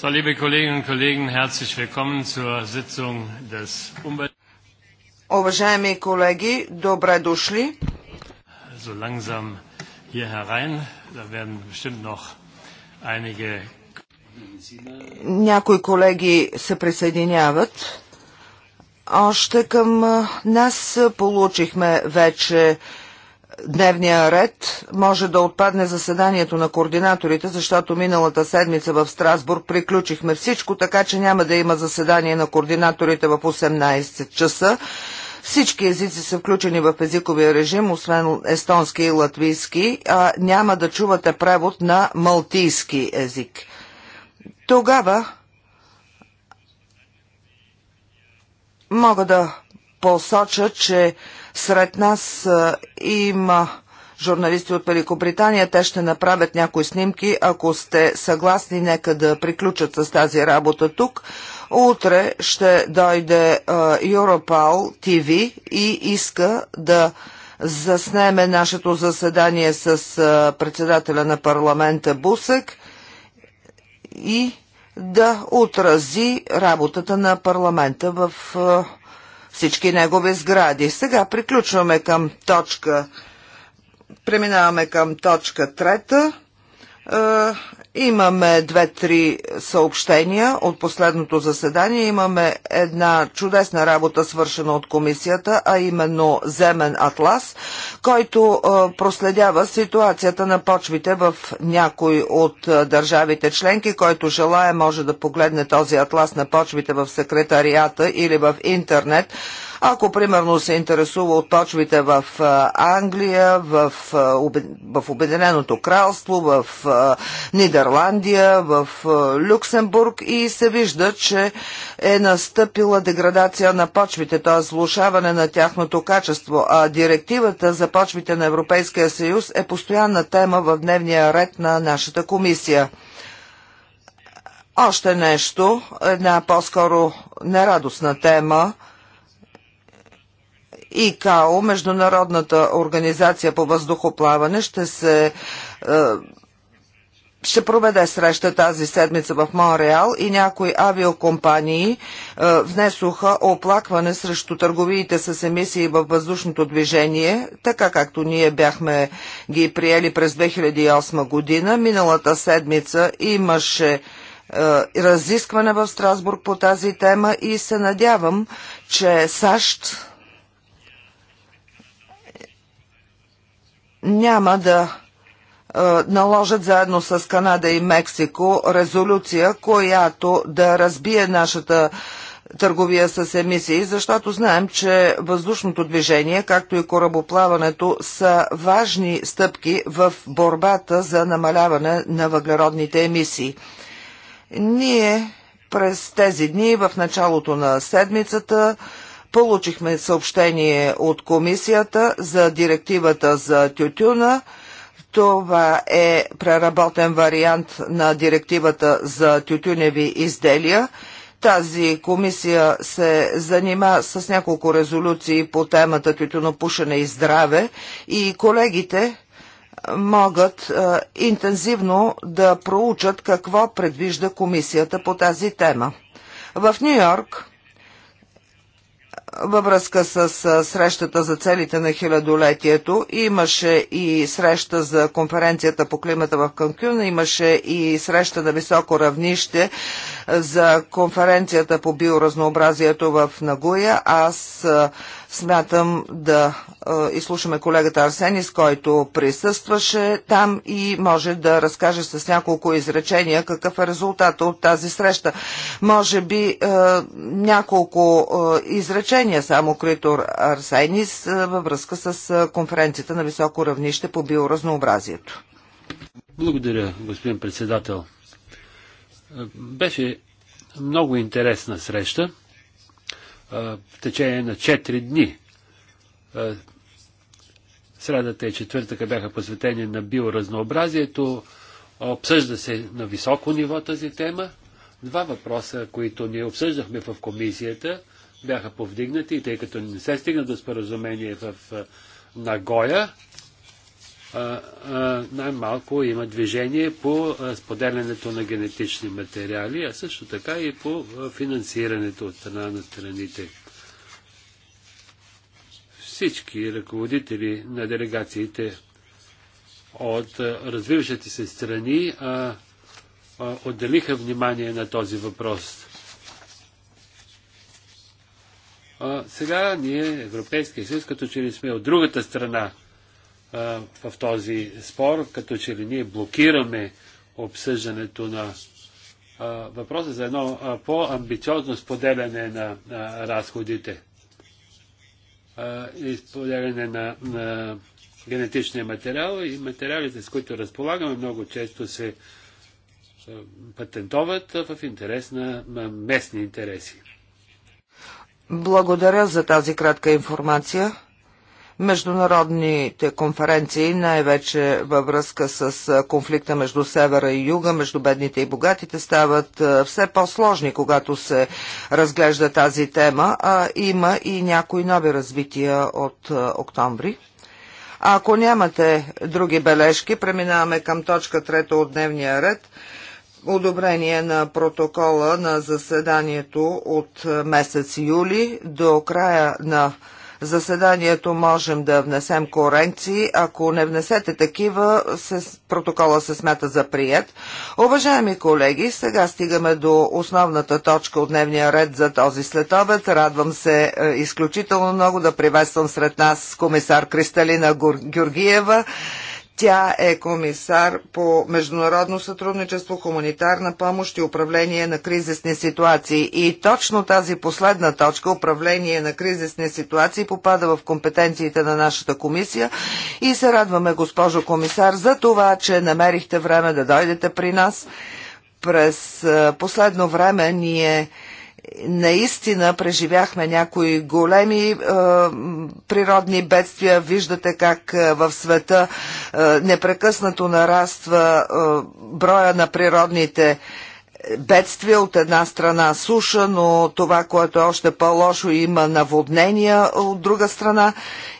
So, liebe Kolleginnen und Kollegen, herzlich willkommen zur Sitzung des Umwelt. Уважаеми колеги, добре дошли. So langsam hier herein, da werden bestimmt noch einige някои колеги се присъединяват. Още към нас получихме вече дневния ред може да отпадне заседанието на координаторите, защото миналата седмица в Страсбург приключихме всичко, така че няма да има заседание на координаторите в 18 часа. Всички езици са включени в езиковия режим, освен естонски и латвийски, а няма да чувате превод на малтийски език. Тогава мога да посоча, че сред нас има журналисти от Великобритания. Те ще направят някои снимки. Ако сте съгласни, нека да приключат с тази работа тук. Утре ще дойде Europal TV и иска да заснеме нашето заседание с председателя на парламента Бусек и да отрази работата на парламента в всички негови сгради. Сега приключваме към точка. Преминаваме към точка трета е, Имаме две-три съобщения от последното заседание. Имаме една чудесна работа, свършена от комисията, а именно Земен атлас, който е, проследява ситуацията на почвите в някой от е, държавите членки. Който желая може да погледне този атлас на почвите в секретарията или в интернет. Ако, примерно, се интересува от почвите в Англия, в, в Обединеното кралство, в Нидерландия, в Люксембург и се вижда, че е настъпила деградация на почвите, т.е. влушаване на тяхното качество. А директивата за почвите на Европейския съюз е постоянна тема в дневния ред на нашата комисия. Още нещо, една по-скоро нерадостна тема – ИКАО, Международната организация по въздухоплаване, ще се е, ще проведе среща тази седмица в Монреал и някои авиокомпании е, внесоха оплакване срещу търговиите с емисии във въздушното движение, така както ние бяхме ги приели през 2008 година. Миналата седмица имаше е, разискване в Страсбург по тази тема и се надявам, че САЩ няма да е, наложат заедно с Канада и Мексико резолюция, която да разбие нашата търговия с емисии, защото знаем, че въздушното движение, както и корабоплаването, са важни стъпки в борбата за намаляване на въглеродните емисии. Ние през тези дни, в началото на седмицата, Получихме съобщение от комисията за директивата за тютюна. Това е преработен вариант на директивата за тютюневи изделия. Тази комисия се занима с няколко резолюции по темата тютюнопушене и здраве и колегите могат а, е, интензивно да проучат какво предвижда комисията по тази тема. В Нью Йорк във връзка с срещата за целите на хилядолетието. Имаше и среща за конференцията по климата в Канкюн, имаше и среща на високо равнище за конференцията по биоразнообразието в Нагуя. Аз смятам да изслушаме колегата Арсенис, който присъстваше там и може да разкаже с няколко изречения какъв е резултат от тази среща. Може би няколко изречения само Критор Арсенис във връзка с конференцията на високо равнище по биоразнообразието. Благодаря, господин председател. Беше много интересна среща в течение на 4 дни. Средата и четвъртъка бяха посветени на биоразнообразието. Обсъжда се на високо ниво тази тема. Два въпроса, които ние обсъждахме в комисията, бяха повдигнати, тъй като не се стигна до споразумение в Нагоя, най-малко има движение по споделянето на генетични материали, а също така и по финансирането от страна на страните. Всички ръководители на делегациите от развиващите се страни отделиха внимание на този въпрос. сега ние, Европейския съюз, като че ли сме от другата страна в този спор, като че ли ние блокираме обсъждането на въпроса за едно по-амбициозно споделяне на, разходите и споделяне на, на генетичния материал и материалите, с които разполагаме, много често се патентоват в интерес на местни интереси. Благодаря за тази кратка информация международните конференции, най-вече във връзка с конфликта между севера и юга, между бедните и богатите, стават все по-сложни, когато се разглежда тази тема, а има и някои нови развития от октомври. А ако нямате други бележки, преминаваме към точка трета от дневния ред – одобрение на протокола на заседанието от месец юли до края на заседанието можем да внесем коренции. Ако не внесете такива, се, протокола се смята за прият. Уважаеми колеги, сега стигаме до основната точка от дневния ред за този следобед. Радвам се е, изключително много да приветствам сред нас комисар Кристалина Георгиева. Тя е комисар по международно сътрудничество, хуманитарна помощ и управление на кризисни ситуации. И точно тази последна точка, управление на кризисни ситуации, попада в компетенциите на нашата комисия. И се радваме, госпожо комисар, за това, че намерихте време да дойдете при нас. През последно време ние наистина преживяхме някои големи е, природни бедствия. Виждате как е, в света е, непрекъснато нараства е, броя на природните бедствия от една страна суша, но това, което е още по-лошо, има наводнения от друга страна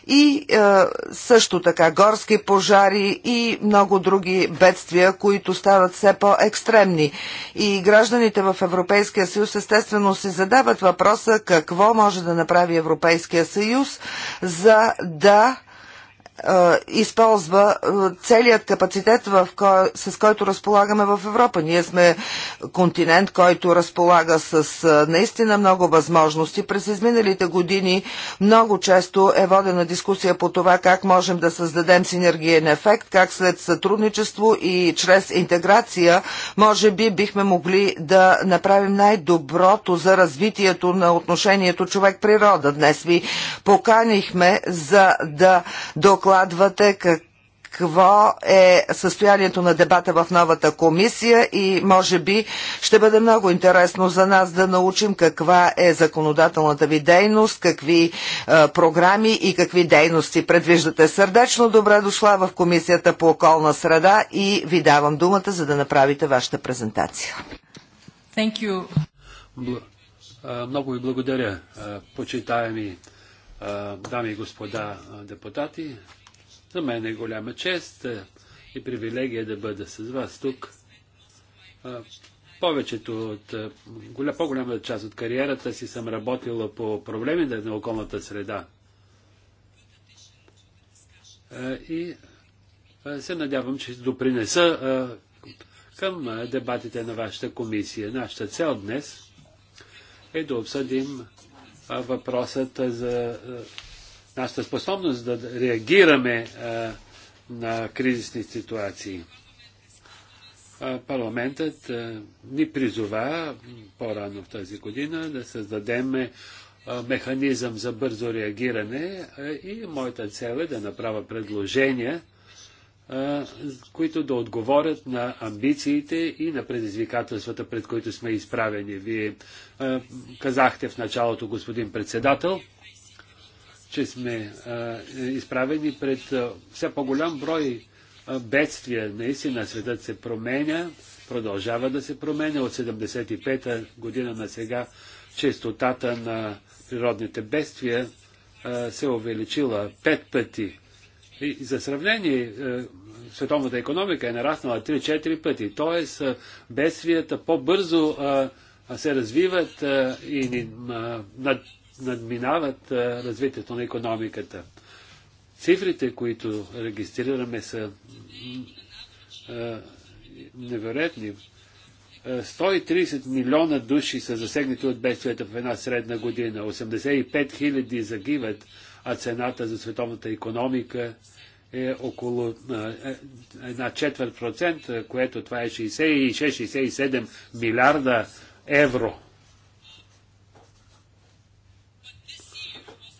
и е, също така горски пожари и много други бедствия, които стават все по-екстремни. И гражданите в Европейския съюз естествено си задават въпроса какво може да направи Европейския съюз, за да използва целият капацитет, в кой, с който разполагаме в Европа. Ние сме континент, който разполага с наистина много възможности. През изминалите години много често е водена дискусия по това как можем да създадем синергиен ефект, как след сътрудничество и чрез интеграция може би бихме могли да направим най-доброто за развитието на отношението човек-природа. Днес ви поканихме за да докладваме докладвате как какво е състоянието на дебата в новата комисия и може би ще бъде много интересно за нас да научим каква е законодателната ви дейност, какви е, програми и какви дейности предвиждате. Сърдечно добре дошла в комисията по околна среда и ви давам думата, за да направите вашата презентация. Thank you. Бл- а, много ви благодаря, а, почитаеми а, дами и господа а, депутати. За мен е голяма чест е, и привилегия да бъда с вас тук. Повечето от, е, по-голямата част от кариерата си съм работила по проблемите на околната среда. И се надявам, че ще допринеса към дебатите на вашата комисия. Нашата цел днес е да обсъдим въпросът за нашата способност да реагираме а, е, на кризисни ситуации. Е, парламентът е, ни призова по-рано в тази година да създадем механизъм за бързо реагиране и моята цел е да направя предложения, които да отговорят на амбициите и на предизвикателствата, пред които сме изправени. Вие казахте в началото, господин председател, че сме а, изправени пред а, все по-голям брой а, бедствия. Наистина светът се променя, продължава да се променя. От 75-та година на сега честотата на природните бедствия а, се увеличила пет пъти. И, за сравнение, а, световната економика е нараснала 3-4 пъти. Тоест, бедствията по-бързо се развиват и ни, над надминават развитието на економиката. Цифрите, които регистрираме, са невероятни. 130 милиона души са засегнати от бедствията в една средна година. 85 хиляди загиват, а цената за световната економика е около е, една четвърт процент, което това е 66-67 милиарда евро.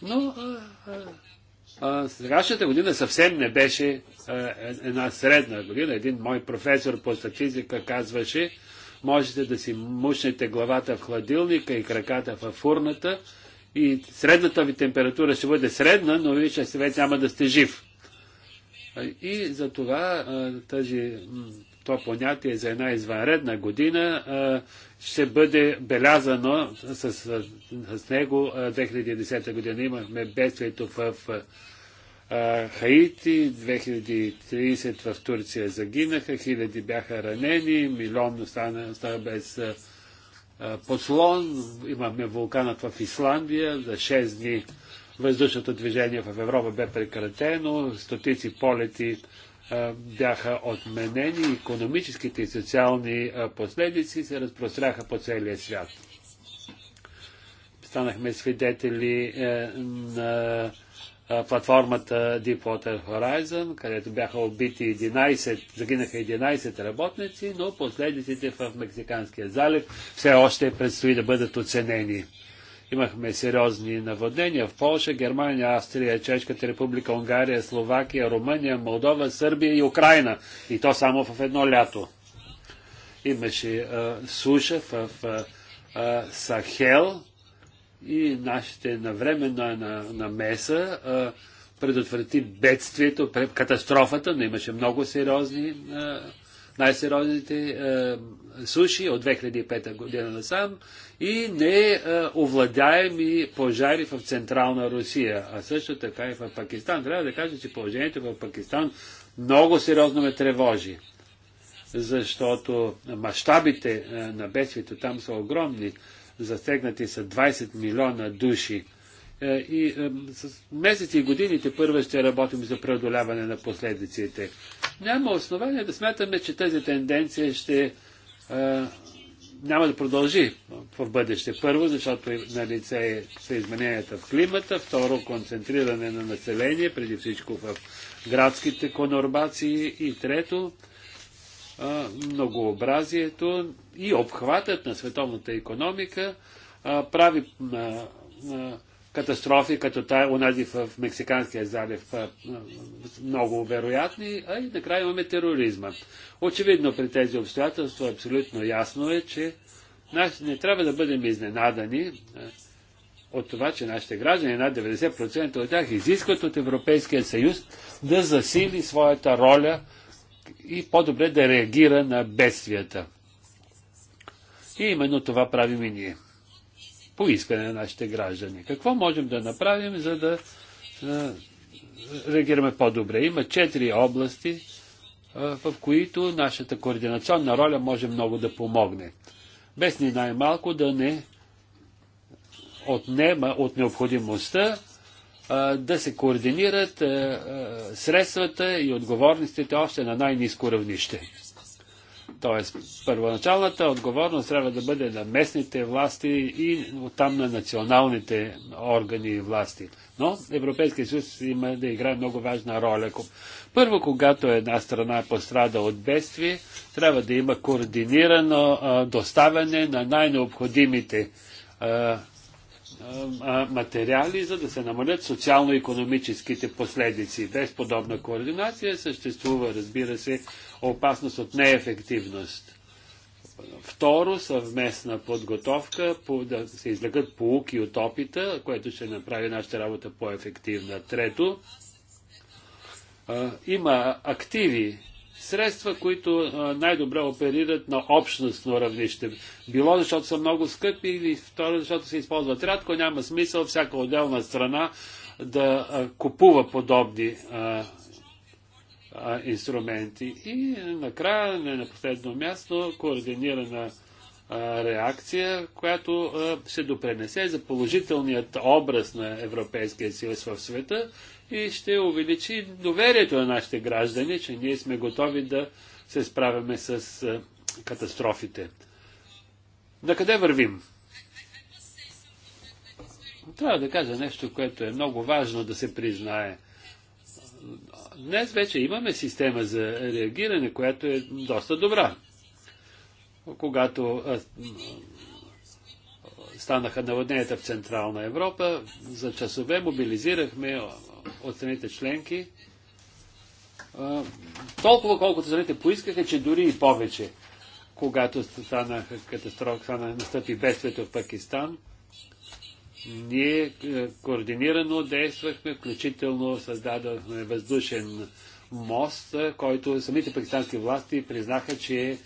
Но а, сегашната година съвсем не беше а, е, една средна година. Един мой професор по статистика казваше, можете да си мушнете главата в хладилника и краката в фурната и средната ви температура ще бъде средна, но вие ще вече няма да сте жив. И за това тази това понятие за една извънредна година ще бъде белязано с, с него 2010 година. Имахме бедствието в Хаити, 2030 в Турция загинаха, хиляди бяха ранени, милион остана, остана без послон. Имахме вулканът в Исландия за 6 дни. Въздушното движение в Европа бе прекратено, стотици полети бяха отменени, економическите и социални последици се разпростряха по целия свят. Станахме свидетели е, на платформата Deepwater Horizon, където бяха убити 11, загинаха 11 работници, но последиците в Мексиканския залив все още предстои да бъдат оценени. Имахме сериозни наводнения в Польша, Германия, Австрия, Чешката република, Унгария, Словакия, Румъния, Молдова, Сърбия и Украина. И то само в едно лято. Имаше а, суша в а, а, Сахел и нашите навременна намеса на, на предотврати бедствието, катастрофата, но имаше много сериозни а, най-сериозните е, суши от 2005 година насам и неовладяеми е, пожари в Централна Русия, а също така и в Пакистан. Трябва да кажа, че положението в Пакистан много сериозно ме тревожи, защото мащабите е, на бедствието там са огромни. засегнати са 20 милиона души е, и е, с месеци и годините първо ще работим за преодоляване на последиците. Няма основание да смятаме, че тази тенденция ще е, няма да продължи в бъдеще. Първо, защото на лице са измененията в климата, второ, концентриране на население, преди всичко в градските конорбации и трето, многообразието и обхватът на световната економика прави катастрофи, като тая, унази в Мексиканския залив, много вероятни, а и накрая имаме тероризма. Очевидно при тези обстоятелства абсолютно ясно е, че не трябва да бъдем изненадани от това, че нашите граждани, над 90% от тях, изискват от Европейския съюз да засили своята роля и по-добре да реагира на бедствията. И именно това правим и ние по искане на нашите граждани. Какво можем да направим, за да реагираме по-добре? Има четири области, в които нашата координационна роля може много да помогне. Без ни най-малко да не отнема от необходимостта да се координират средствата и отговорностите още на най-низко равнище. Т.е. първоначалната отговорност трябва да бъде на местните власти и оттам на националните органи и власти. Но Европейския съюз има да играе много важна роля. Първо, когато една страна е пострада от бедствие, трябва да има координирано доставяне на най-необходимите материали, за да се намалят социално-економическите последици. Без подобна координация съществува, разбира се, опасност от неефективност. Второ, съвместна подготовка, по, да се излегат полуки от опита, което ще направи нашата работа по-ефективна. Трето, а, има активи, средства, които най-добре оперират на общностно равнище. Било защото са много скъпи или второ, защото се използват рядко, няма смисъл всяка отделна страна да купува подобни а, а, инструменти. И накрая, не на последно място, координирана реакция, която ще допренесе за положителният образ на Европейския съюз в света и ще увеличи доверието на нашите граждани, че ние сме готови да се справяме с катастрофите. На къде вървим? Трябва да кажа нещо, което е много важно да се признае. Днес вече имаме система за реагиране, която е доста добра. Когато станаха наводненията в Централна Европа, за часове мобилизирахме от страните членки, толкова колкото страните поискаха, че дори и повече. Когато стана катастрофа, стана, настъпи бедствието в Пакистан, ние е, координирано действахме, включително създадохме въздушен мост, е, който самите пакистански власти признаха, че е,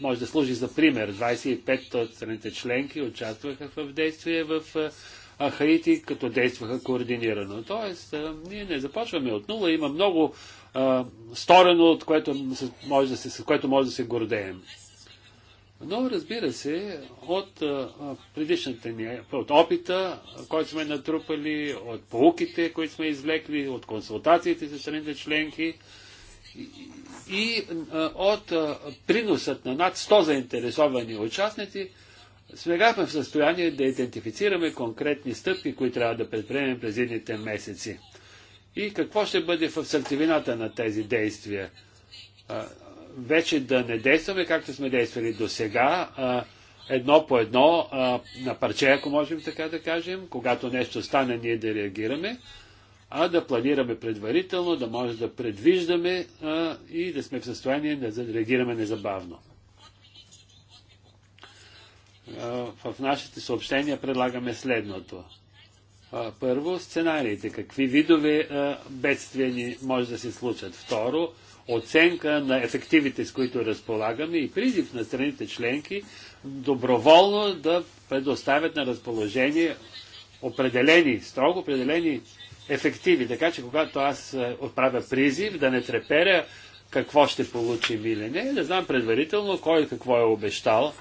може да служи за пример. 25 от страните членки участваха в действие в а Хаити, като действаха координирано. Тоест, ние не започваме от нула, има много а, сторено, от което може да се, с което може да се гордеем. Но разбира се, от предишната ни, от опита, който сме натрупали, от полуките, които сме извлекли, от консултациите с страните членки и от приносът на над 100 заинтересовани участници, сега сме в състояние да идентифицираме конкретни стъпки, които трябва да предприемем през едните месеци. И какво ще бъде в сърцевината на тези действия? вече да не действаме както сме действали до сега, едно по едно, на парче, ако можем така да кажем, когато нещо стане, ние да реагираме, а да планираме предварително, да може да предвиждаме и да сме в състояние да реагираме незабавно в нашите съобщения предлагаме следното. Първо, сценариите. Какви видове бедствия ни може да се случат? Второ, оценка на ефективите, с които разполагаме и призив на страните членки доброволно да предоставят на разположение определени, строго определени ефективи. Така че когато аз отправя призив да не треперя какво ще получи или не, да знам предварително кой какво е обещал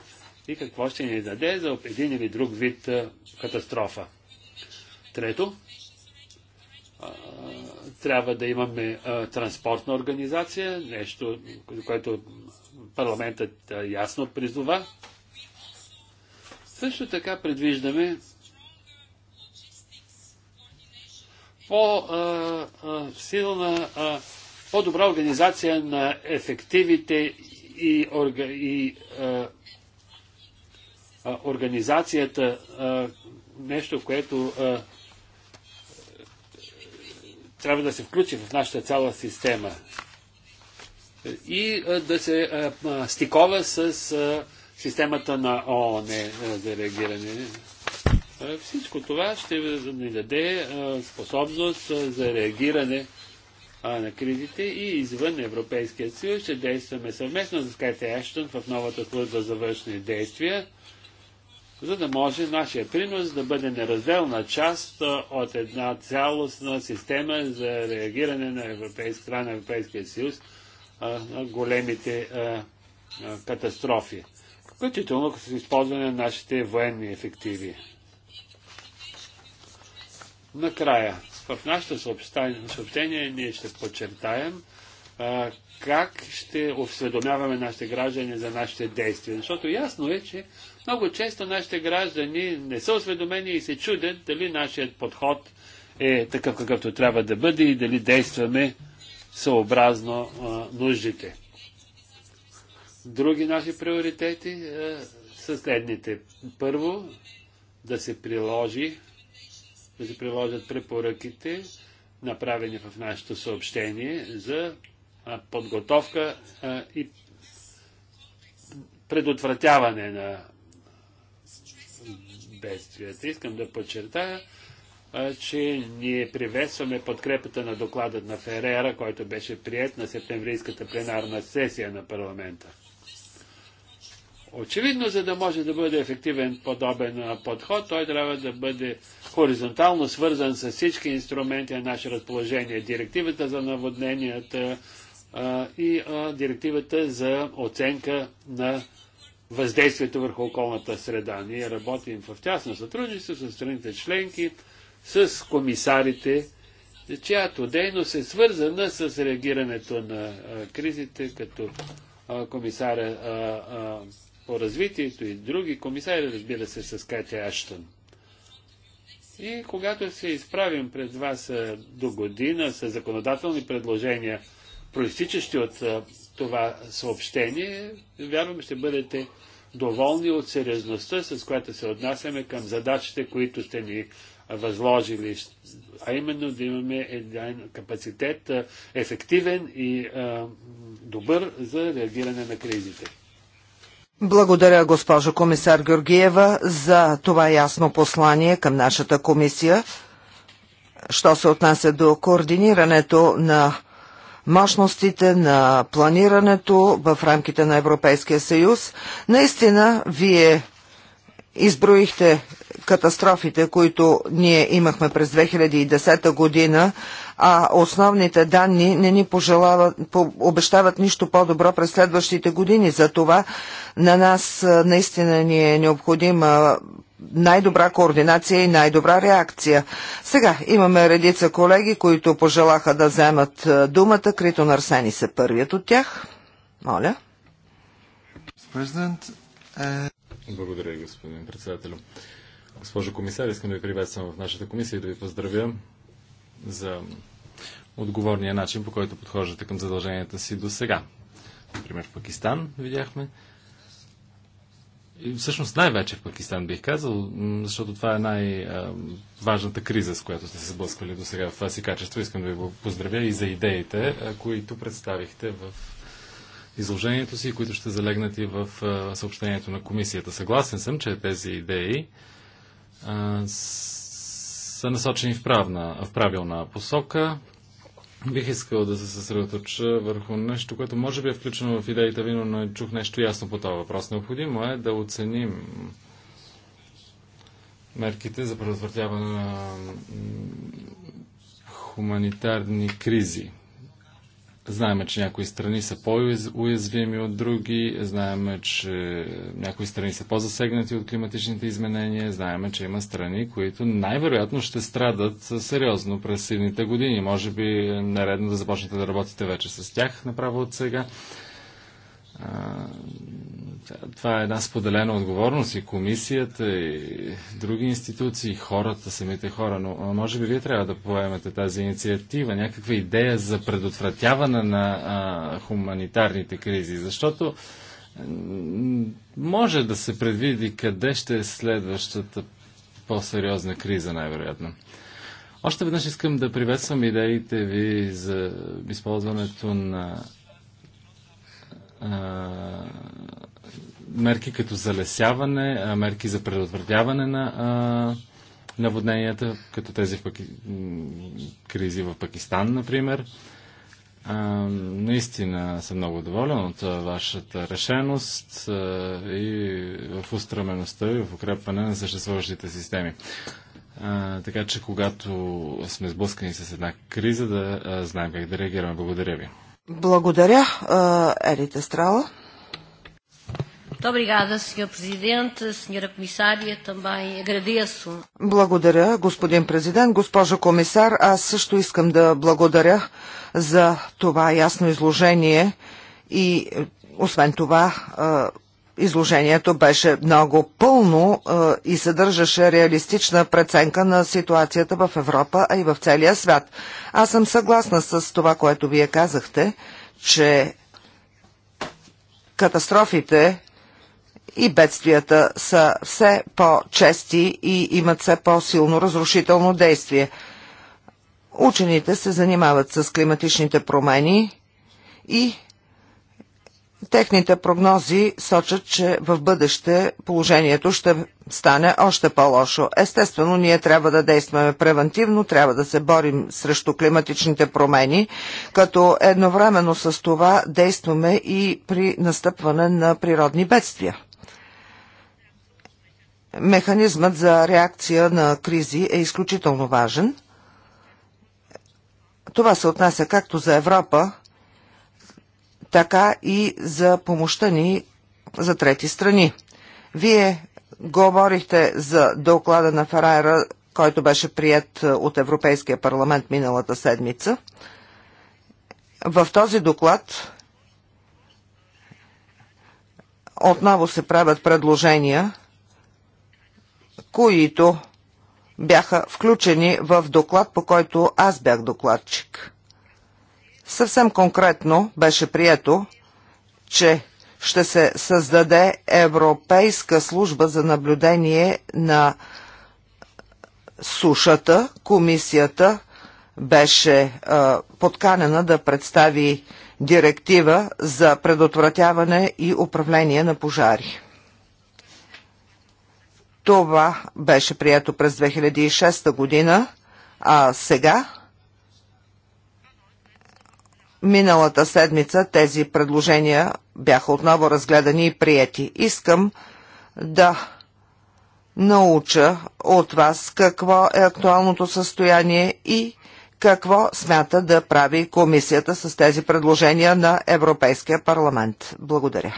и какво ще ни даде за един или друг вид катастрофа. Трето, трябва да имаме транспортна организация, нещо, което парламентът ясно призова. Също така предвиждаме по-силна, по-добра организация на ефективите и, и организацията нещо, което трябва да се включи в нашата цяла система и да се стикова с системата на ООН е, за реагиране. Всичко това ще ни даде способност за реагиране на кризите и извън Европейския съюз ще действаме съвместно с Кайте Ештън в новата служба за външни действия за да може нашия принос да бъде неразделна част от една цялостна система за реагиране на европейска, на Европейския съюз на големите катастрофи, включително с използване на нашите военни ефективи. Накрая, в нашето съобщение ние ще подчертаем как ще осведомяваме нашите граждани за нашите действия, защото ясно е, че много често нашите граждани не са осведомени и се чудят дали нашият подход е такъв какъвто трябва да бъде и дали действаме съобразно а, нуждите. Други наши приоритети а, са следните. Първо, да се приложи, да се приложат препоръките, направени в нашето съобщение за а, подготовка а, и предотвратяване на бедствията. Искам да подчертая, че ние приветстваме подкрепата на докладът на Ферера, който беше прият на септемврийската пленарна сесия на парламента. Очевидно, за да може да бъде ефективен подобен подход, той трябва да бъде хоризонтално свързан с всички инструменти на наше разположение. Директивата за наводненията и директивата за оценка на въздействието върху околната среда. Ние работим в тясно сътрудничество с страните членки, с комисарите, чиято дейност е свързана с реагирането на кризите, като комисаря по развитието и други комисари, разбира се, с Катя Аштън. И когато се изправим пред вас до година с законодателни предложения, проистичащи от това съобщение. Вярвам, ще бъдете доволни от сериозността, с която се отнасяме към задачите, които сте ни възложили, а именно да имаме един капацитет ефективен и добър за реагиране на кризите. Благодаря, госпожо комисар Георгиева, за това ясно послание към нашата комисия. Що се отнася до координирането на мощностите, на планирането в рамките на Европейския съюз. Наистина, вие изброихте катастрофите, които ние имахме през 2010 година а основните данни не ни пожелават, по, обещават нищо по-добро през следващите години. Затова на нас наистина ни е необходима най-добра координация и най-добра реакция. Сега имаме редица колеги, които пожелаха да вземат думата. Крито Нарсени са е първият от тях. Моля. Е- Благодаря, господин председател. Госпожо комисар, искам да ви приветствам в нашата комисия и да ви поздравя за отговорния начин, по който подхождате към задълженията си до сега. Например, в Пакистан видяхме. И всъщност най-вече в Пакистан бих казал, защото това е най-важната криза, с която сте се сблъсквали до сега в това си качество. Искам да ви го поздравя и за идеите, които представихте в изложението си, които ще залегнат и в съобщението на комисията. Съгласен съм, че тези идеи а, са насочени в, правна, в правилна посока. Бих искал да се съсредоточа върху нещо, което може би е включено в идеята ви, но не чух нещо ясно по този въпрос. Необходимо е да оценим мерките за предотвратяване на хуманитарни кризи. Знаеме, че някои страни са по-уязвими от други, знаеме, че някои страни са по-засегнати от климатичните изменения, знаеме, че има страни, които най-вероятно ще страдат сериозно през едните години. Може би е наредно да започнете да работите вече с тях направо от сега. Това е една споделена отговорност и комисията, и други институции, и хората, самите хора. Но може би вие трябва да поемете тази инициатива, някаква идея за предотвратяване на а, хуманитарните кризи. Защото може да се предвиди къде ще е следващата по-сериозна криза, най-вероятно. Още веднъж искам да приветствам идеите ви за използването на мерки като залесяване, мерки за предотвратяване на наводненията, като тези в Паки... кризи в Пакистан, например. А, наистина съм много доволен от вашата решеност а, и в устрамеността и в укрепване на съществуващите системи. А, така че, когато сме сблъскани с една криза, да а, знаем как да реагираме. Благодаря ви. Благодаря, Елита Страла. Muito obrigada, Sr. Presidente, Sra. também agradeço. Благодаря, господин президент, госпожо комисар. Аз също искам да благодаря за това ясно изложение и освен това изложението беше много пълно и съдържаше реалистична преценка на ситуацията в Европа, а и в целия свят. Аз съм съгласна с това, което вие казахте, че катастрофите и бедствията са все по-чести и имат все по-силно разрушително действие. Учените се занимават с климатичните промени и техните прогнози сочат, че в бъдеще положението ще стане още по-лошо. Естествено, ние трябва да действаме превентивно, трябва да се борим срещу климатичните промени, като едновременно с това действаме и при настъпване на природни бедствия механизмът за реакция на кризи е изключително важен. Това се отнася както за Европа, така и за помощта ни за трети страни. Вие говорихте за доклада на Фарайра, който беше прият е, от Европейския парламент миналата седмица. В този доклад отново се правят предложения – които бяха включени в доклад, по който аз бях докладчик. Съвсем конкретно беше прието, че ще се създаде Европейска служба за наблюдение на сушата. Комисията беше е, подканена да представи директива за предотвратяване и управление на пожари. Това беше прието през 2006 година, а сега миналата седмица тези предложения бяха отново разгледани и прияти. Искам да науча от вас какво е актуалното състояние и какво смята да прави комисията с тези предложения на Европейския парламент. Благодаря.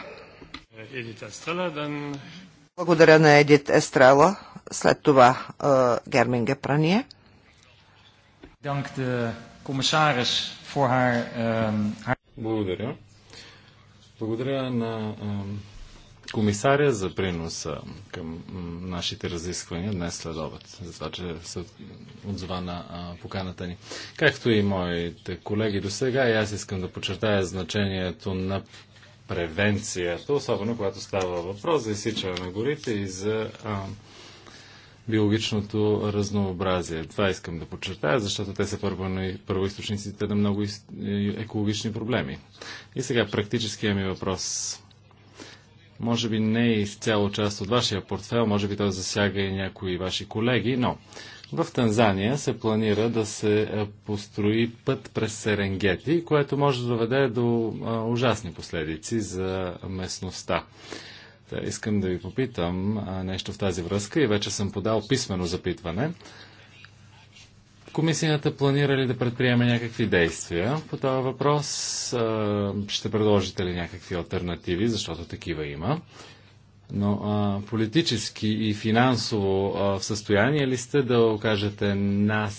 Благодаря на Едит Естрела. След това е, Гермин Гепрание. Ehm, Благодаря. Благодаря на комисаря за приноса към нашите разисквания днес след обед, за това, че се отзова на поканата ни. Както и моите колеги до сега, и аз искам да подчертая значението на превенцията, особено когато става въпрос за изсичане на горите и за а, биологичното разнообразие. Това искам да подчертая, защото те са първо, първоисточниците на много екологични проблеми. И сега практическия ми въпрос. Може би не е изцяло част от вашия портфел, може би той засяга и някои ваши колеги, но в Танзания се планира да се е, построи път през Серенгети, което може да доведе до е, ужасни последици за местността. Та, искам да ви попитам е, нещо в тази връзка и вече съм подал писмено запитване. Комисията планира ли да предприеме някакви действия по този въпрос? ще предложите ли някакви альтернативи, защото такива има? Но а, политически и финансово а, в състояние ли сте да окажете нас,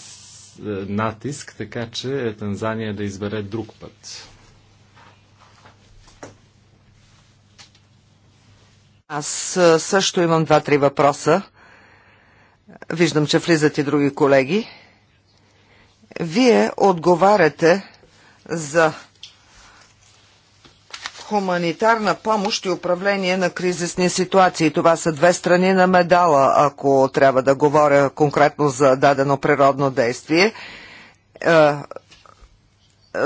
а, натиск, така че Танзания да избере друг път? Аз също имам два-три въпроса. Виждам, че влизат и други колеги. Вие отговаряте за хуманитарна помощ и управление на кризисни ситуации. Това са две страни на медала, ако трябва да говоря конкретно за дадено природно действие. Е, е,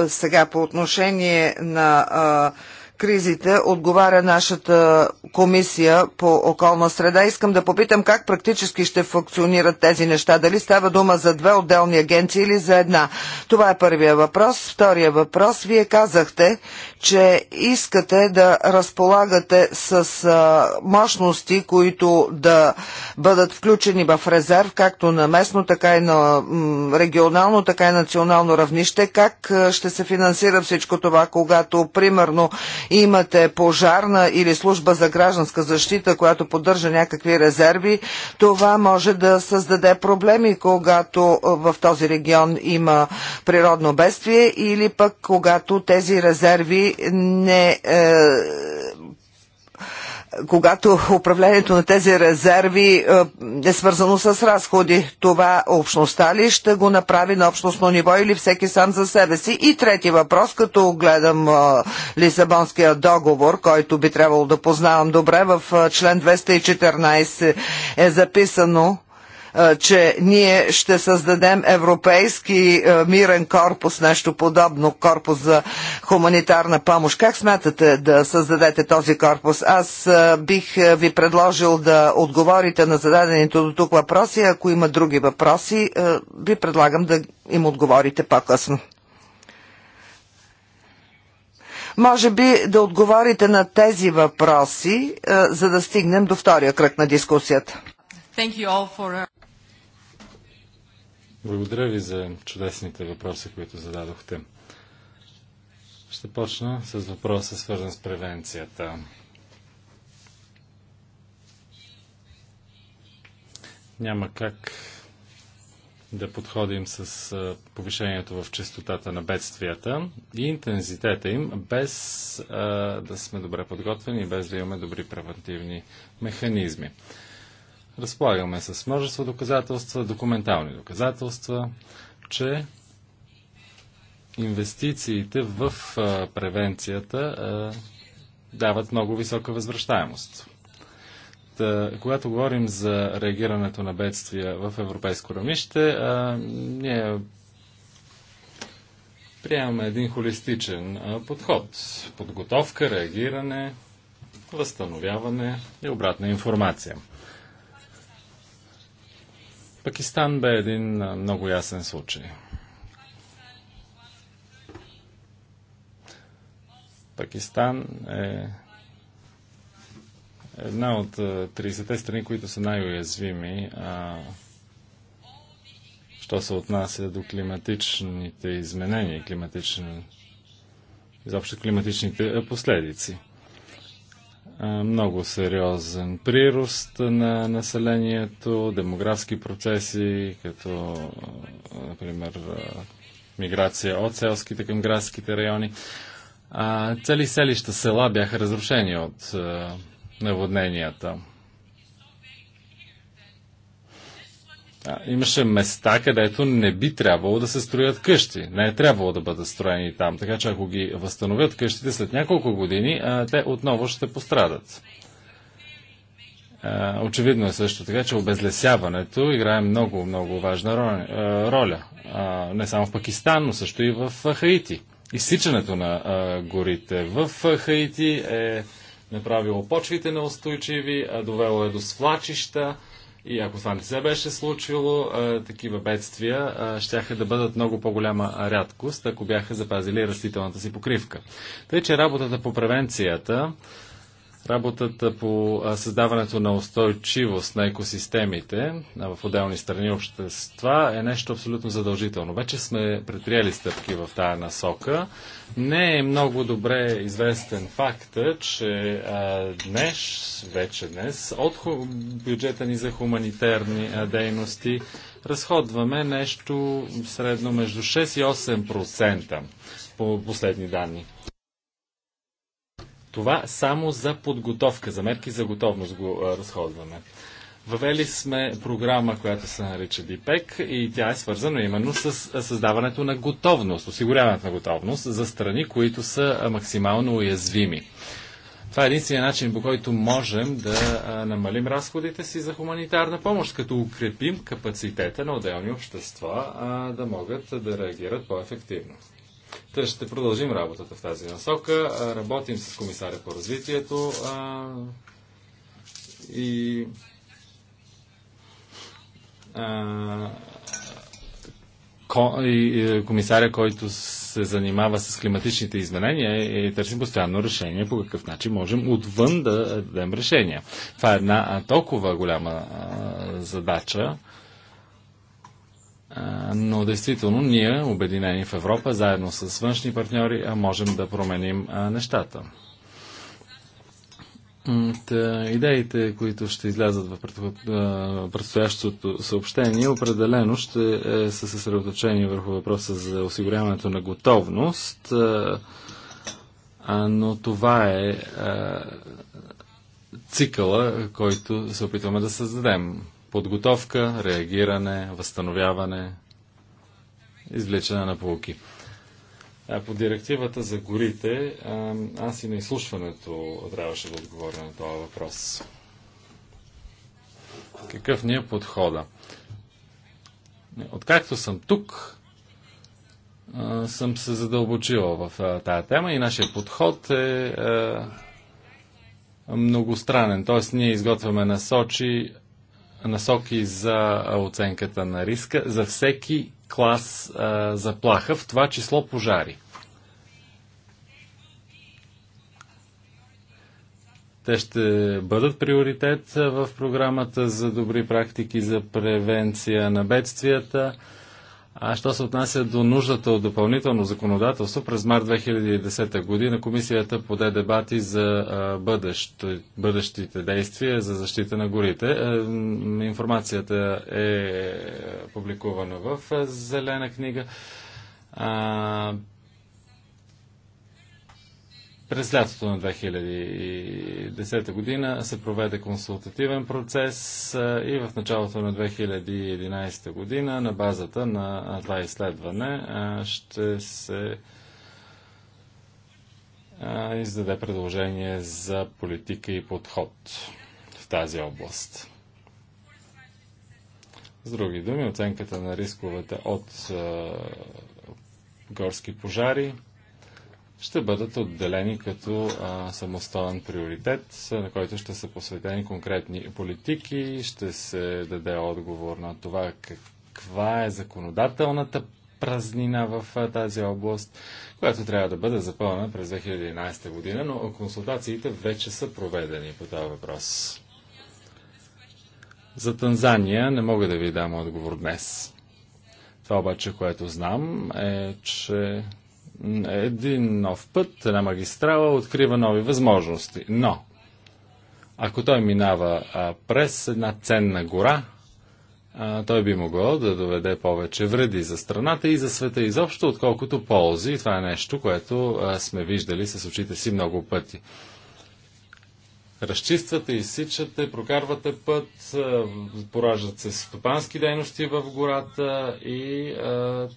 сега по отношение на е, кризите отговаря нашата комисия по околна среда. Искам да попитам как практически ще функционират тези неща. Дали става дума за две отделни агенции или за една? Това е първия въпрос. Втория въпрос. Вие казахте, че искате да разполагате с мощности, които да бъдат включени в резерв, както на местно, така и на регионално, така и национално равнище. Как ще се финансира всичко това, когато, примерно, имате пожарна или служба за гражданска защита, която поддържа някакви резерви, това може да създаде проблеми, когато в този регион има природно бедствие или пък когато тези резерви не е, когато управлението на тези резерви е, е свързано с разходи. Това общността ли ще го направи на общностно ниво или всеки сам за себе си? И трети въпрос, като гледам е, Лисабонския договор, който би трябвало да познавам добре, в е, член 214 е записано че ние ще създадем европейски мирен корпус, нещо подобно, корпус за хуманитарна помощ. Как смятате да създадете този корпус? Аз бих ви предложил да отговорите на зададените до тук въпроси. Ако има други въпроси, ви предлагам да им отговорите по-късно. Може би да отговорите на тези въпроси, за да стигнем до втория кръг на дискусията. For... Благодаря ви за чудесните въпроси, които зададохте. Ще почна с въпроса, свързан с превенцията. Няма как да подходим с повишението в частотата на бедствията и интензитета им, без а, да сме добре подготвени и без да имаме добри превентивни механизми. Разполагаме с множество доказателства, документални доказателства, че инвестициите в а, превенцията а, дават много висока възвръщаемост. Та, когато говорим за реагирането на бедствия в европейско равнище, ние приемаме един холистичен подход. Подготовка, реагиране, възстановяване и обратна информация. Пакистан бе един много ясен случай. Пакистан е една от 30-те страни, които са най-уязвими, що се отнася до климатичните изменения, климатични, изобщо климатичните последици много сериозен прирост на населението, демографски процеси, като, например, миграция от селските към градските райони. Цели селища, села бяха разрушени от наводненията. имаше места, където не би трябвало да се строят къщи. Не е трябвало да бъдат строени там. Така че ако ги възстановят къщите след няколко години, а, те отново ще пострадат. А, очевидно е също така, че обезлесяването играе много, много важна роля. А, не само в Пакистан, но също и в Хаити. Изсичането на горите в Хаити е направило почвите неустойчиви, довело е до свлачища, и ако това не се беше случило, такива бедствия щяха да бъдат много по-голяма рядкост, ако бяха запазили растителната си покривка. Тъй, че работата по превенцията Работата по създаването на устойчивост на екосистемите в отделни страни общества е нещо абсолютно задължително. Вече сме предприели стъпки в тая насока. Не е много добре известен факта, че а, днес, вече днес, от бюджета ни за хуманитарни а, дейности разходваме нещо средно между 6 и 8% по последни данни. Това само за подготовка, за мерки за готовност го а, разходваме. Въвели сме програма, която се нарича ДИПЕК и тя е свързана именно с създаването на готовност, осигуряването на готовност за страни, които са максимално уязвими. Това е единствения начин, по който можем да намалим разходите си за хуманитарна помощ, като укрепим капацитета на отделни общества да могат да реагират по-ефективно. Та ще продължим работата в тази насока. Работим с комисаря по развитието а, и а, комисаря, който се занимава с климатичните изменения и търсим постоянно решение по какъв начин можем отвън да дадем решение. Това е една толкова голяма задача, но действително ние, обединени в Европа, заедно с външни партньори, можем да променим нещата. идеите, които ще излязат в предстоящото съобщение, определено ще е, са съсредоточени върху въпроса за осигуряването на готовност, но това е цикъла, който се опитваме да създадем подготовка, реагиране, възстановяване, извлечене на полуки. По директивата за горите, аз и на изслушването трябваше да отговоря на този въпрос. Какъв ни е подхода? Откакто съм тук, съм се задълбочила в тая тема и нашия подход е многостранен. Т.е. ние изготвяме насочи насоки за оценката на риска за всеки клас а, заплаха, в това число пожари. Те ще бъдат приоритет в програмата за добри практики за превенция на бедствията. А що се отнася до нуждата от допълнително законодателство, през март 2010 година комисията поде дебати за бъдещ, бъдещите действия за защита на горите. Е, информацията е публикувана в Зелена книга. През лятото на 2010 година се проведе консултативен процес и в началото на 2011 година на базата на това изследване ще се издаде предложение за политика и подход в тази област. С други думи, оценката на рисковете от горски пожари – ще бъдат отделени като а, самостоен приоритет, на който ще са посветени конкретни политики, ще се даде отговор на това каква е законодателната празнина в тази област, която трябва да бъде запълнена през 2011 година, но консултациите вече са проведени по този въпрос. За Танзания не мога да ви дам отговор днес. Това обаче, което знам е, че един нов път, една магистрала открива нови възможности. Но, ако той минава а, през една ценна гора, а, той би могъл да доведе повече вреди за страната и за света изобщо, отколкото ползи. И това е нещо, което а, сме виждали с очите си много пъти. Разчиствате, изсичате, прокарвате път, пораждат се стопански дейности в гората и а,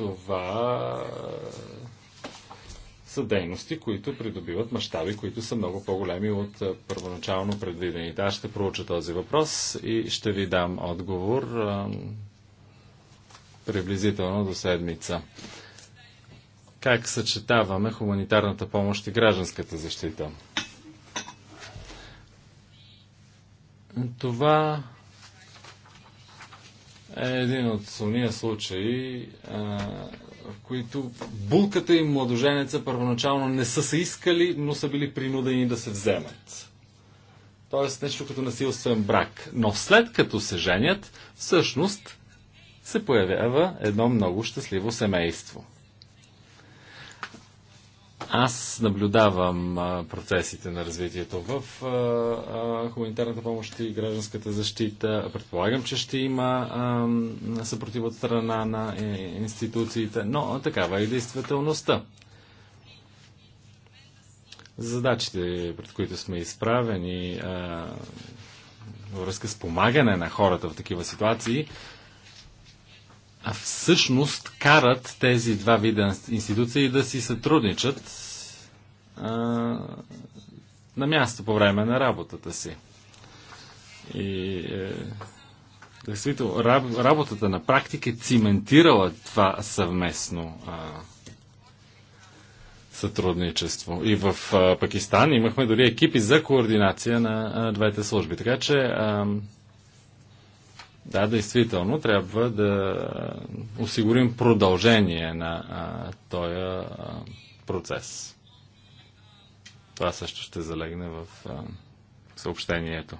това е, са дейности, които придобиват мащаби, които са много по-големи от е, първоначално предвидените. Аз ще проуча този въпрос и ще ви дам отговор е, приблизително до седмица. Как съчетаваме хуманитарната помощ и гражданската защита? Това е един от уния случаи, в които булката и младоженеца първоначално не са се искали, но са били принудени да се вземат. Тоест нещо като насилствен брак. Но след като се женят, всъщност се появява едно много щастливо семейство. Аз наблюдавам процесите на развитието в хуманитарната помощ и гражданската защита. Предполагам, че ще има съпротив от страна на е, институциите, но такава е действителността. Задачите, пред които сме изправени, във връзка с помагане на хората в такива ситуации, всъщност карат тези два вида институции да си сътрудничат а, на място по време на работата си. И е, действително, раб, работата на практика е циментирала това съвместно а, сътрудничество. И в а, Пакистан имахме дори екипи за координация на а, двете служби. Така че. А, да, действително, трябва да осигурим продължение на този процес. Това също ще залегне в а, съобщението.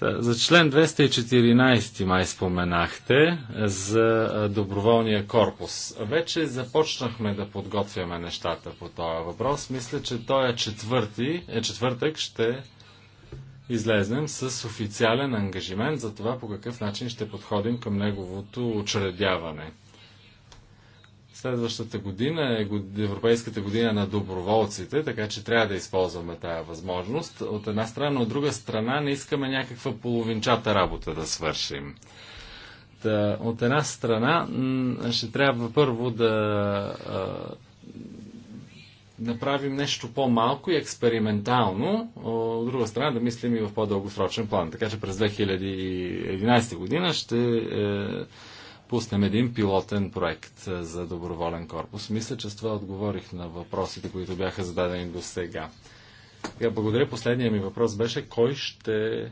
За член 214 май споменахте за доброволния корпус. Вече започнахме да подготвяме нещата по този въпрос. Мисля, че той е четвърти, е четвъртък ще излезнем с официален ангажимент за това по какъв начин ще подходим към неговото учредяване. Следващата година е Европейската година на доброволците, така че трябва да използваме тая възможност. От една страна, от друга страна не искаме някаква половинчата работа да свършим. от една страна ще трябва първо да направим нещо по-малко и експериментално, от друга страна да мислим и в по-дългосрочен план. Така че през 2011 година ще е, пуснем един пилотен проект е, за доброволен корпус. Мисля, че с това отговорих на въпросите, които бяха зададени до сега. благодаря. Последният ми въпрос беше кой ще.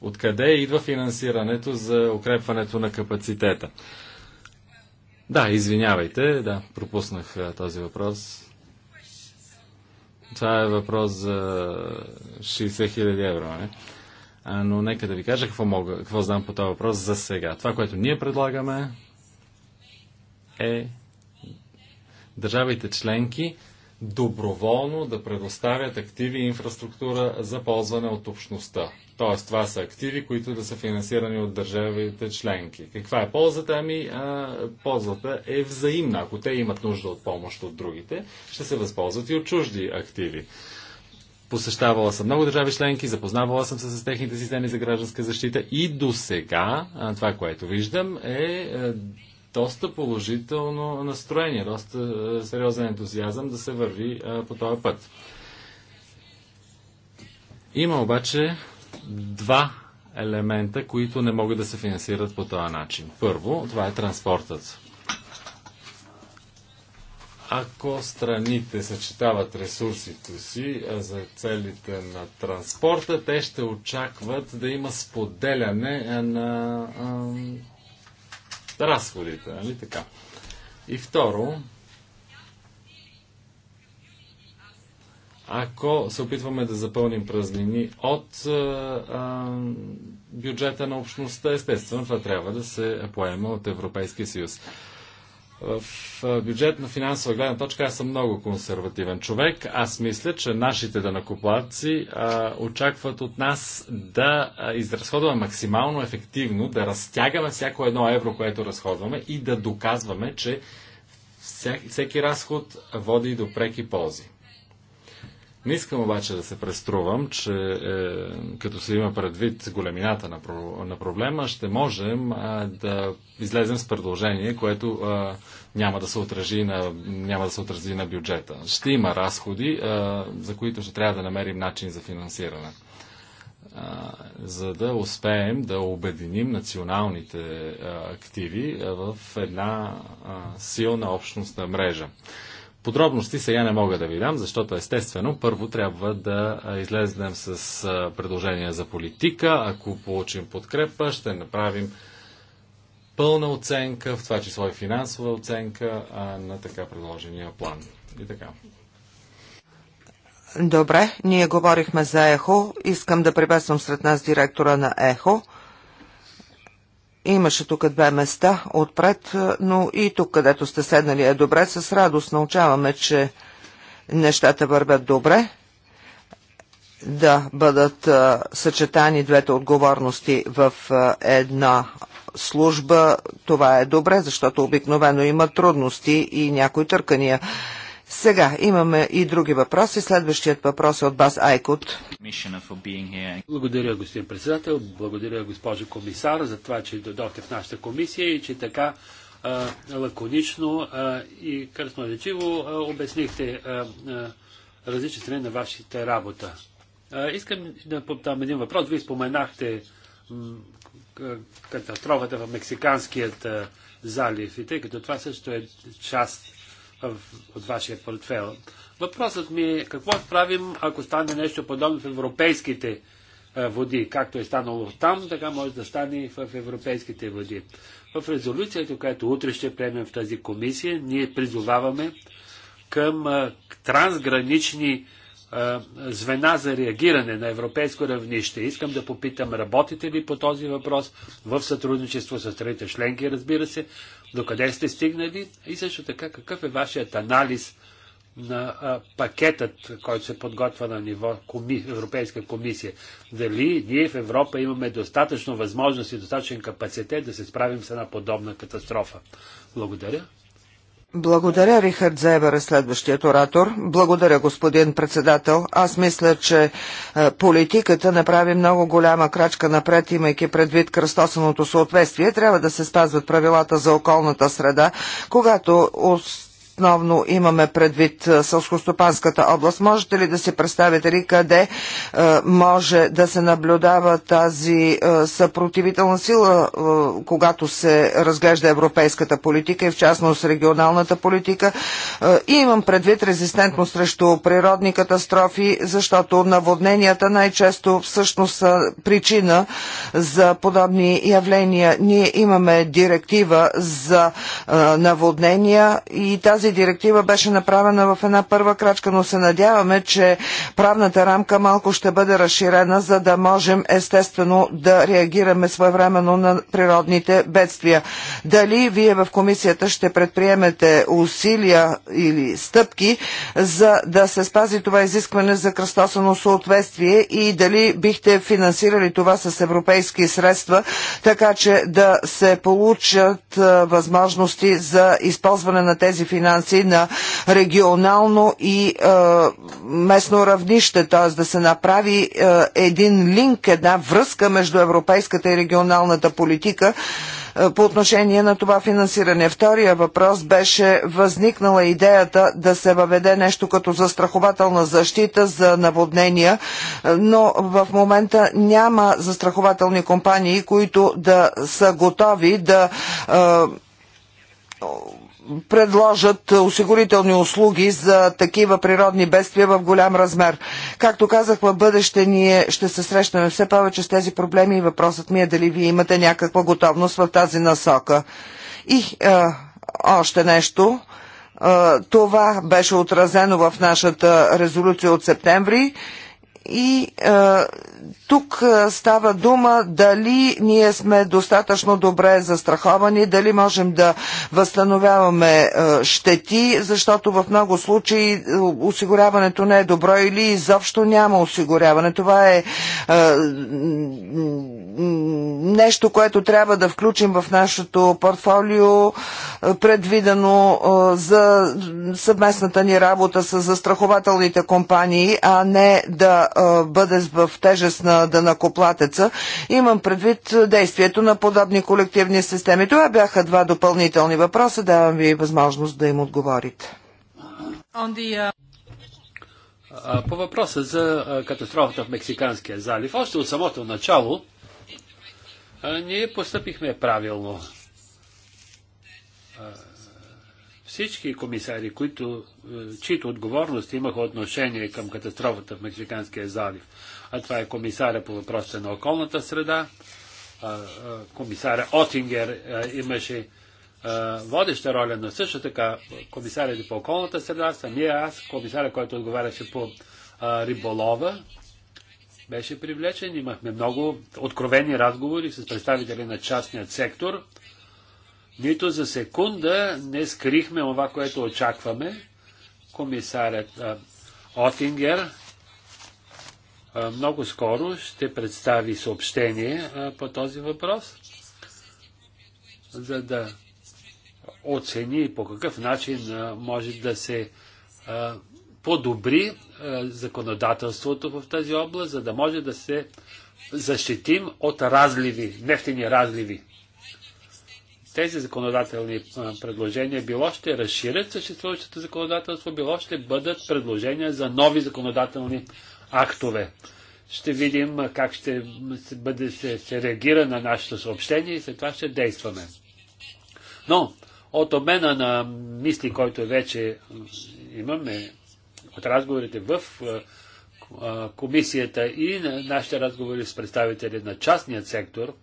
Откъде идва финансирането за укрепването на капацитета? Да, извинявайте, да, пропуснах е, този въпрос. Това е въпрос за 60 000 евро, не? А, но нека да ви кажа какво, мога, какво знам по този въпрос за сега. Това, което ние предлагаме е държавите членки доброволно да предоставят активи и инфраструктура за ползване от общността. Тоест, това са активи, които да са финансирани от държавите членки. Каква е ползата? Ами, а, ползата е взаимна. Ако те имат нужда от помощ от другите, ще се възползват и от чужди активи. Посещавала съм много държави членки, запознавала съм се с техните системи за гражданска защита и до сега това, което виждам е доста положително настроение, доста е, сериозен ентузиазъм да се върви е, по този път. Има обаче два елемента, които не могат да се финансират по този начин. Първо, това е транспортът. Ако страните съчетават ресурсите си е, за целите на транспорта, те ще очакват да има споделяне на разходите, нали така? И второ, ако се опитваме да запълним празнини от а, а, бюджета на общността, естествено това трябва да се поема от Европейския съюз в бюджетна финансова гледна точка аз съм много консервативен човек. Аз мисля, че нашите данакоплатци очакват от нас да изразходваме максимално ефективно, да разтягаме всяко едно евро, което разходваме и да доказваме, че всеки разход води до преки ползи. Не искам обаче да се преструвам, че е, като се има предвид големината на, про, на проблема, ще можем е, да излезем с предложение, което е, няма, да се отрази на, няма да се отрази на бюджета. Ще има разходи, е, за които ще трябва да намерим начин за финансиране за да успеем да обединим националните активи в една силна общностна мрежа. Подробности сега не мога да ви дам, защото естествено първо трябва да излезнем с предложения за политика. Ако получим подкрепа, ще направим пълна оценка, в това число и финансова оценка на така предложения план. И така. Добре, ние говорихме за ЕХО. Искам да приветствам сред нас директора на ЕХО. Имаше тук две места отпред, но и тук, където сте седнали е добре. С радост научаваме, че нещата вървят добре да бъдат а, съчетани двете отговорности в а, една служба. Това е добре, защото обикновено има трудности и някои търкания. Сега имаме и други въпроси. Следващият въпрос е от Бас Айкот. Благодаря, господин председател. Благодаря, госпожо комисар, за това, че дойдохте в нашата комисия и че така а, лаконично а, и красноречиво обяснихте а, различни страни на вашата работа. искам да подам един въпрос. Вие споменахте катастрофата в Мексиканският залив. И тъй като това също е част от вашия портфел. Въпросът ми е какво правим, ако стане нещо подобно в европейските води, както е станало там, така може да стане и в европейските води. В резолюцията, която утре ще приемем в тази комисия, ние призоваваме към трансгранични звена за реагиране на европейско равнище. Искам да попитам, работите ли по този въпрос в сътрудничество с страните членки, разбира се, докъде сте стигнали и също така какъв е вашият анализ на а, пакетът, който се подготвя на ниво коми, Европейска комисия. Дали ние в Европа имаме достатъчно възможност и достатъчен капацитет да се справим с една подобна катастрофа? Благодаря. Благодаря, Рихард Зебер е следващият оратор. Благодаря, господин председател. Аз мисля, че е, политиката направи много голяма крачка напред, имайки предвид кръстосаното съответствие. Трябва да се спазват правилата за околната среда, когато основно имаме предвид е, сълскостопанската област. Можете ли да си представите ли къде е, може да се наблюдава тази е, съпротивителна сила, когато се разглежда европейската политика и в частност регионалната политика? И имам предвид резистентност срещу природни катастрофи, защото наводненията най-често всъщност са причина за подобни явления. Ние имаме директива за наводнения и тази тази директива беше направена в една първа крачка, но се надяваме, че правната рамка малко ще бъде разширена, за да можем естествено да реагираме своевременно на природните бедствия. Дали вие в комисията ще предприемете усилия или стъпки, за да се спази това изискване за кръстосано съответствие и дали бихте финансирали това с европейски средства, така че да се получат възможности за използване на тези финанси финанси на регионално и а, е, местно равнище, т.е. да се направи а, е, един линк, една връзка между европейската и регионалната политика е, по отношение на това финансиране. Втория въпрос беше възникнала идеята да се въведе нещо като застрахователна защита за наводнения, но в момента няма застрахователни компании, които да са готови да предложат осигурителни услуги за такива природни бедствия в голям размер. Както казах, в бъдеще ние ще се срещнем все повече с тези проблеми и въпросът ми е дали вие имате някаква готовност в тази насока. И е, още нещо. Е, това беше отразено в нашата резолюция от септември. И е, тук е, става дума дали ние сме достатъчно добре застраховани, дали можем да възстановяваме е, щети, защото в много случаи е, осигуряването не е добро или изобщо няма осигуряване. Това е, е нещо, което трябва да включим в нашето портфолио, е, предвидено за съвместната ни работа с застрахователните компании, а не да бъде в тежест на дънакоплатеца. Имам предвид действието на подобни колективни системи. Това бяха два допълнителни въпроса. Давам ви възможност да им отговорите. Uh, по въпроса за катастрофата в Мексиканския залив, още от самото начало ние постъпихме правилно. Всички комисари, които, е, чието отговорност имаха отношение към катастрофата в Мексиканския залив, а това е комисаря по въпросите на околната среда, комисаря Отингер е, имаше е, водеща роля, но също така комисарят по околната среда, самия аз, комисаря, който отговаряше по риболова, беше привлечен. Имахме много откровени разговори с представители на частният сектор. Нито за секунда не скрихме това, което очакваме. Комисарят а, Отингер а, много скоро ще представи съобщение а, по този въпрос, за да оцени по какъв начин а, може да се а, подобри а, законодателството в тази област, за да може да се защитим от разливи, нефтени разливи тези законодателни предложения било ще разширят съществуващото законодателство, било ще бъдат предложения за нови законодателни актове. Ще видим как ще бъде, се, се реагира на нашето съобщение и след това ще действаме. Но от обмена на мисли, който вече имаме от разговорите в комисията и на нашите разговори с представители на частният сектор –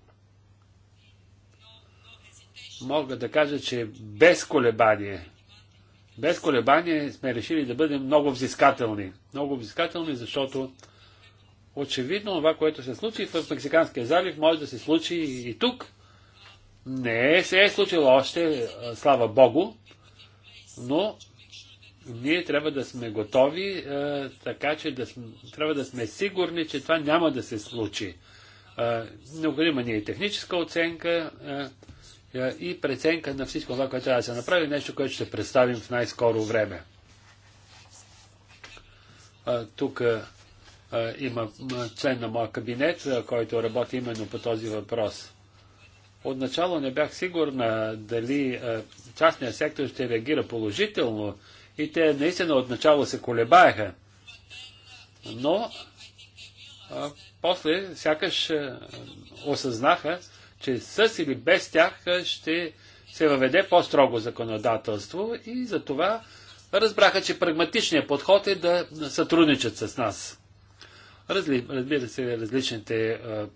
мога да кажа, че без колебание, без колебание сме решили да бъдем много взискателни. Много взискателни, защото очевидно това, което се случи в Мексиканския залив, може да се случи и тук. Не се е случило още, слава Богу, но ние трябва да сме готови, е, така че да сме, трябва да сме сигурни, че това няма да се случи. Е, необходима ни е техническа оценка, е, е, и преценка на всичко това, което трябва да се направи, нещо, което ще представим в най-скоро време. Е, тук е, има член на моя кабинет, който работи именно по този въпрос. Отначало не бях сигурна дали частният сектор ще реагира положително и те наистина отначало се колебаеха. Но а, после сякаш а, осъзнаха, че с или без тях ще се въведе по-строго законодателство и за това разбраха, че прагматичният подход е да сътрудничат с нас. Разли, разбира се, различните а,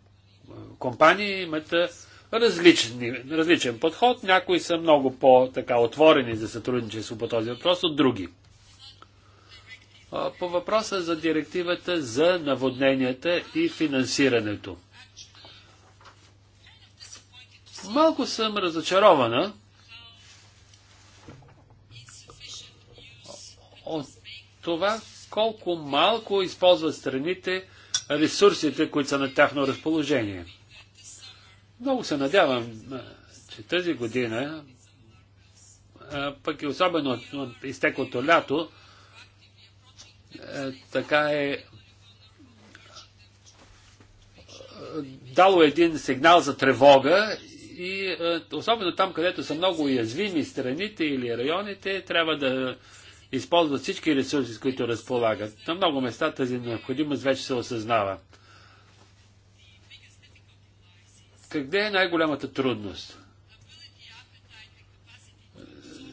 компании имат различни, различен подход. Някои са много по-така отворени за сътрудничество по този въпрос от други. А, по въпроса за директивата за наводненията и финансирането. Малко съм разочарована от това колко малко използват страните ресурсите, които са на тяхно разположение. Много се надявам, че тази година, пък и особено изтеклото лято, така е дало един сигнал за тревога и е, особено там, където са много уязвими страните или районите, трябва да използват всички ресурси, с които разполагат. На много места тази необходимост вече се осъзнава. Къде е най-голямата трудност?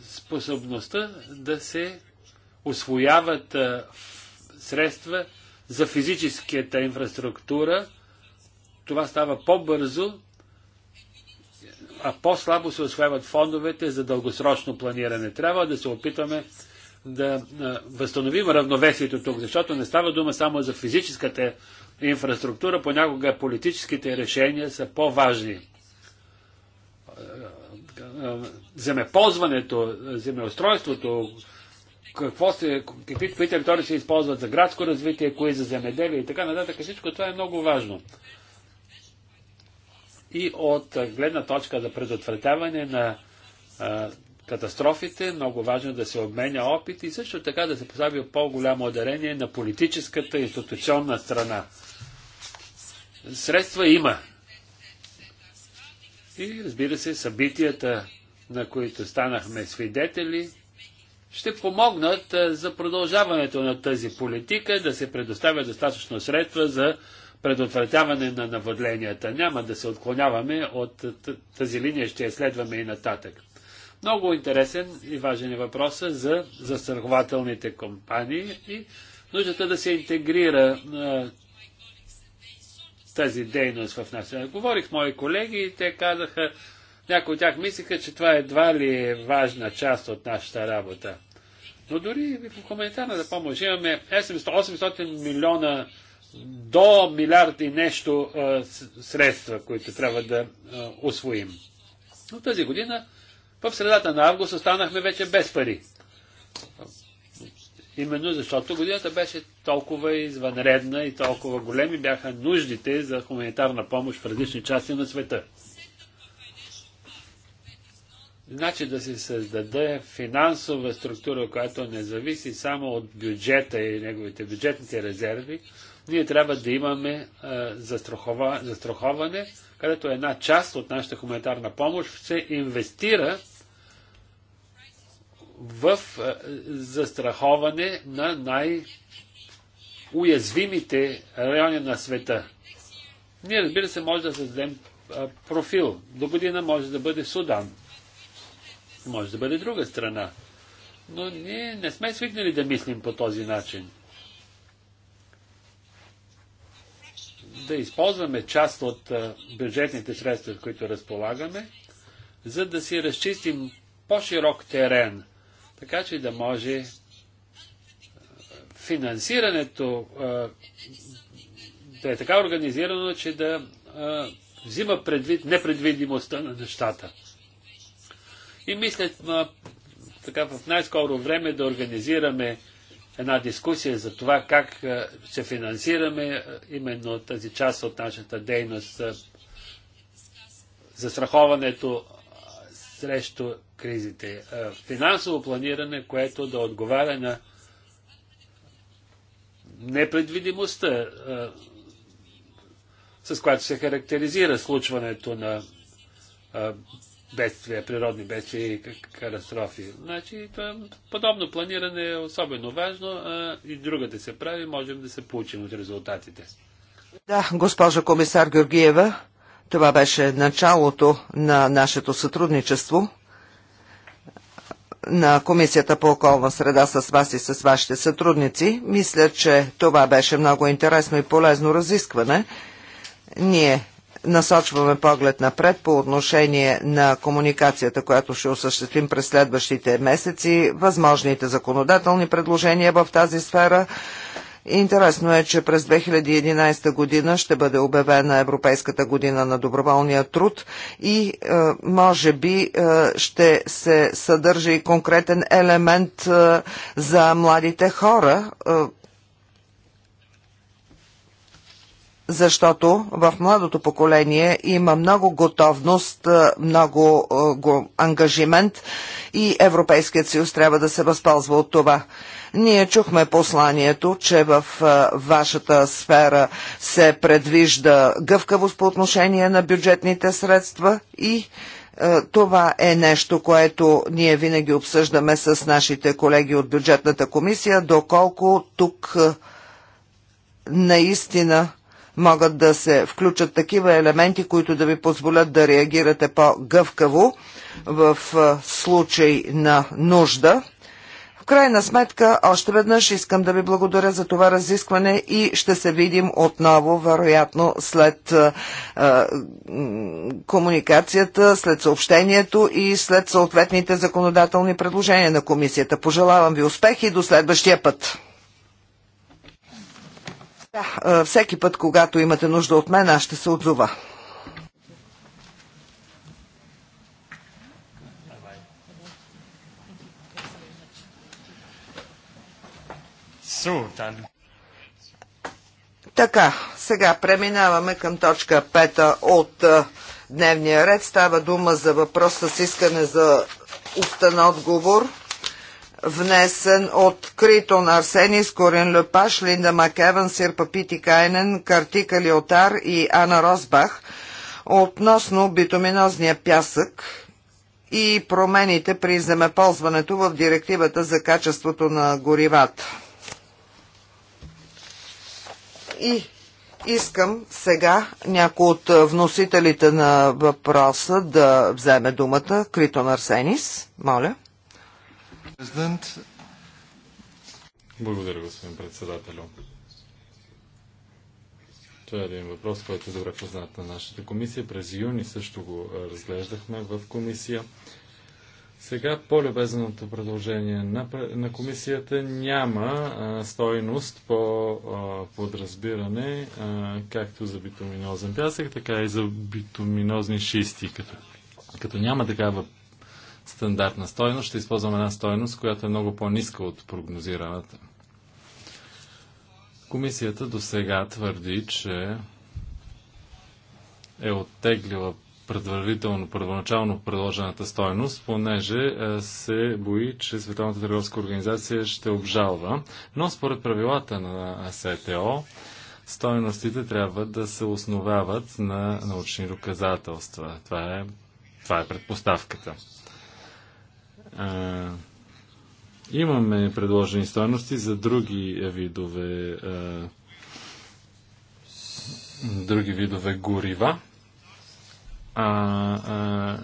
Способността да се освояват е, средства за физическата инфраструктура. Това става по-бързо, а по-слабо се освояват фондовете за дългосрочно планиране. Трябва да се опитаме да възстановим равновесието тук, защото не става дума само за физическата инфраструктура, понякога политическите решения са по-важни. Земеползването, земеустройството, какво се, какви, какви територии се използват за градско развитие, кои за земеделие и така нататък, всичко това е много важно и от гледна точка за предотвратяване на а, катастрофите, много важно да се обменя опит и също така да се постави по-голямо ударение на политическата институционна страна. Средства има. И разбира се, събитията, на които станахме свидетели, ще помогнат за продължаването на тази политика, да се предоставя достатъчно средства за предотвратяване на наводленията. Няма да се отклоняваме от тази линия, ще я следваме и нататък. Много интересен и важен е въпросът за застрахователните компании и нуждата да се интегрира а, тази дейност в нашата. Говорих с мои колеги и те казаха, някои от тях мислиха, че това едва ли е важна част от нашата работа. Но дори в хуманитарната помощ имаме 800 милиона до милиард и нещо а, средства, които трябва да а, освоим. Но тази година, в средата на август, останахме вече без пари. Именно защото годината беше толкова извънредна и толкова големи бяха нуждите за хуманитарна помощ в различни части на света. Значи да се създаде финансова структура, която не зависи само от бюджета и неговите бюджетните резерви, ние трябва да имаме е, застрахова, застраховане, където една част от нашата хуманитарна помощ се инвестира в е, застраховане на най-уязвимите райони на света. Ние, разбира се, може да създадем е, профил. До година може да бъде Судан. Може да бъде друга страна. Но ние не сме свикнали да мислим по този начин. да използваме част от бюджетните средства, които разполагаме, за да си разчистим по-широк терен, така че да може финансирането да е така организирано, че да взима предвид непредвидимостта на нещата. И мисля, така в най-скоро време да организираме една дискусия за това как се финансираме е, именно тази част от нашата дейност е, за страховането е, срещу кризите. Финансово планиране, което да отговаря на непредвидимостта, с която се характеризира случването на бедствия, природни бедствия и катастрофи. Значи, подобно планиране е особено важно а и друга да се прави, можем да се получим от резултатите. Да, госпожа комисар Георгиева, това беше началото на нашето сътрудничество на Комисията по околна среда с вас и с вашите сътрудници. Мисля, че това беше много интересно и полезно разискване. Ние насочваме поглед напред по отношение на комуникацията, която ще осъществим през следващите месеци, възможните законодателни предложения в тази сфера. Интересно е, че през 2011 година ще бъде обявена Европейската година на доброволния труд и е, може би е, ще се съдържа и конкретен елемент е, за младите хора. Е, защото в младото поколение има много готовност, много го, ангажимент и Европейският съюз трябва да се възползва от това. Ние чухме посланието, че в вашата сфера се предвижда гъвкавост по отношение на бюджетните средства и това е нещо, което ние винаги обсъждаме с нашите колеги от бюджетната комисия, доколко тук наистина могат да се включат такива елементи, които да ви позволят да реагирате по-гъвкаво в е, случай на нужда. В крайна сметка, още веднъж искам да ви благодаря за това разискване и ще се видим отново, вероятно, след е, е комуникацията, след съобщението и след съответните законодателни предложения на комисията. Пожелавам ви успех и до следващия път! Да, е, всеки път, когато имате нужда от мен, аз ще се отзова. Така, сега преминаваме към точка 5 от е, дневния ред. Става дума за въпрос с искане за устан отговор внесен от Критон Арсенис, Скорин Лепаш, Линда Макеван, Сирпа Пити Кайнен, Картика Лиотар и Ана Росбах относно битоминозния пясък и промените при земеползването в директивата за качеството на горивата. И искам сега някой от вносителите на въпроса да вземе думата. Критон Арсенис, моля. Благодаря, господин председател. Това е един въпрос, който е добре познат на нашата комисия. През юни също го разглеждахме в комисия. Сега по-любезното предложение на, на комисията няма а, стойност по а, подразбиране, а, както за битуминозен пясък, така и за битуминозни шисти. Като, като няма такава стандартна стойност, ще използваме една стойност, която е много по-ниска от прогнозираната. Комисията до сега твърди, че е оттеглила предварително, първоначално предложената стойност, понеже е, се бои, че Световната търговска организация ще обжалва. Но според правилата на СТО, стойностите трябва да се основават на научни доказателства. Това е, това е предпоставката. А, имаме предложени стоености за други видове а, други видове горива. А, а,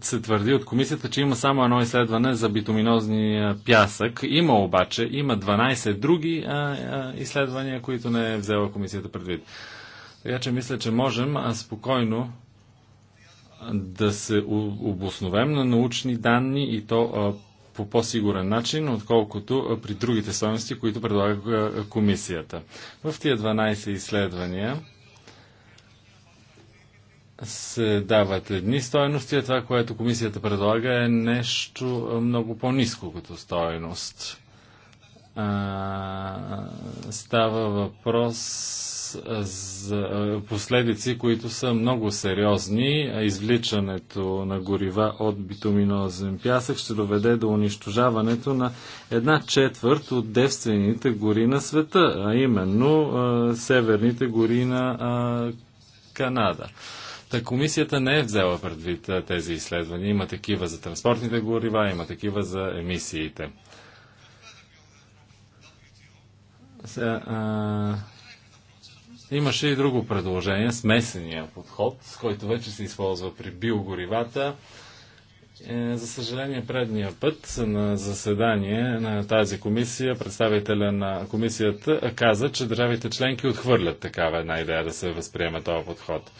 се твърди от комисията, че има само едно изследване за битуминозния пясък. Има обаче, има 12 други а, а, изследвания, които не е взела комисията предвид. Така че мисля, че можем а спокойно да се обосновем на научни данни и то по по-сигурен начин, отколкото при другите стоености, които предлага комисията. В тия 12 изследвания се дават едни стоености, а това, което комисията предлага е нещо много по-низко като стоеност. А, става въпрос за последици, които са много сериозни. Извличането на горива от битуминозен пясък ще доведе до унищожаването на една четвърт от девствените гори на света, а именно северните гори на Канада. Та комисията не е взела предвид тези изследвания. Има такива за транспортните горива, има такива за емисиите. Сега, а, Имаше и друго предложение, смесения подход, който вече се използва при биогоривата. Е, за съжаление, предния път на заседание на тази комисия, представителя на комисията каза, че държавите членки отхвърлят такава една идея да се възприеме този подход.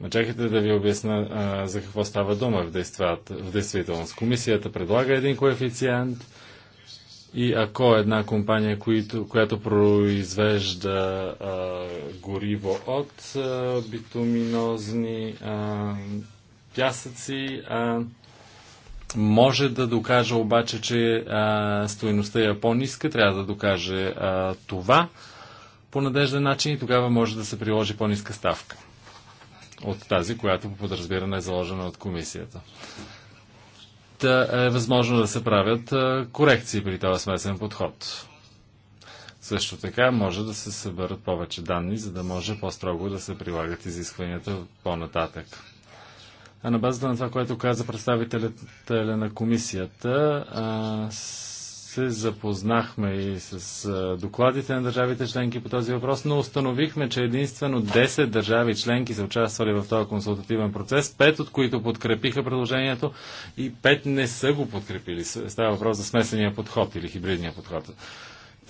Но чакайте да ви обясна а, за какво става дума в, в действителност. Комисията предлага един коефициент, и ако една компания, която произвежда а, гориво от а, битуминозни а, пясъци, а, може да докаже обаче, че а, стоеността е по-ниска, трябва да докаже а, това по надежден начин и тогава може да се приложи по-ниска ставка от тази, която по подразбиране е заложена от комисията да е възможно да се правят корекции при този смесен подход. Също така може да се съберат повече данни, за да може по-строго да се прилагат изискванията по-нататък. А на базата на това, което каза представителят на комисията, се запознахме и с докладите на държавите членки по този въпрос, но установихме, че единствено 10 държави членки са участвали в този консултативен процес, 5 от които подкрепиха предложението и 5 не са го подкрепили. Става въпрос за смесения подход или хибридния подход.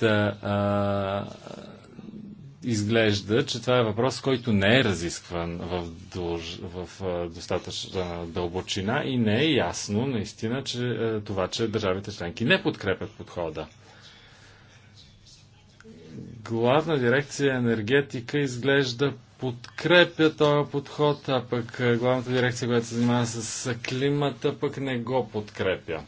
Та, а, изглежда, че това е въпрос, който не е разискван в, дълж... в достатъчна дълбочина и не е ясно наистина, че това, че държавите членки не подкрепят подхода. Главна дирекция енергетика изглежда подкрепя този подход, а пък главната дирекция, която се занимава с климата, пък не го подкрепя.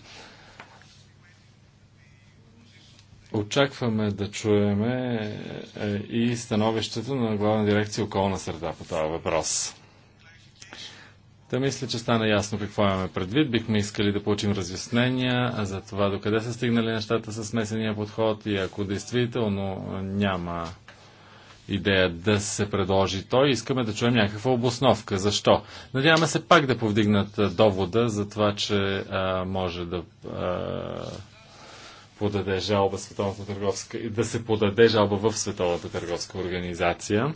Очакваме да чуеме е, е, и становището на главна дирекция околна среда по този въпрос. Да мисля, че стана ясно какво имаме предвид. Бихме искали да получим разяснения за това докъде са стигнали нещата с смесения подход и ако действително няма идея да се предложи той, искаме да чуем някаква обосновка. Защо? Надяваме се пак да повдигнат е, довода за това, че а, може да а, подаде жалба Световната търговска, да се подаде жалба в Световната търговска организация.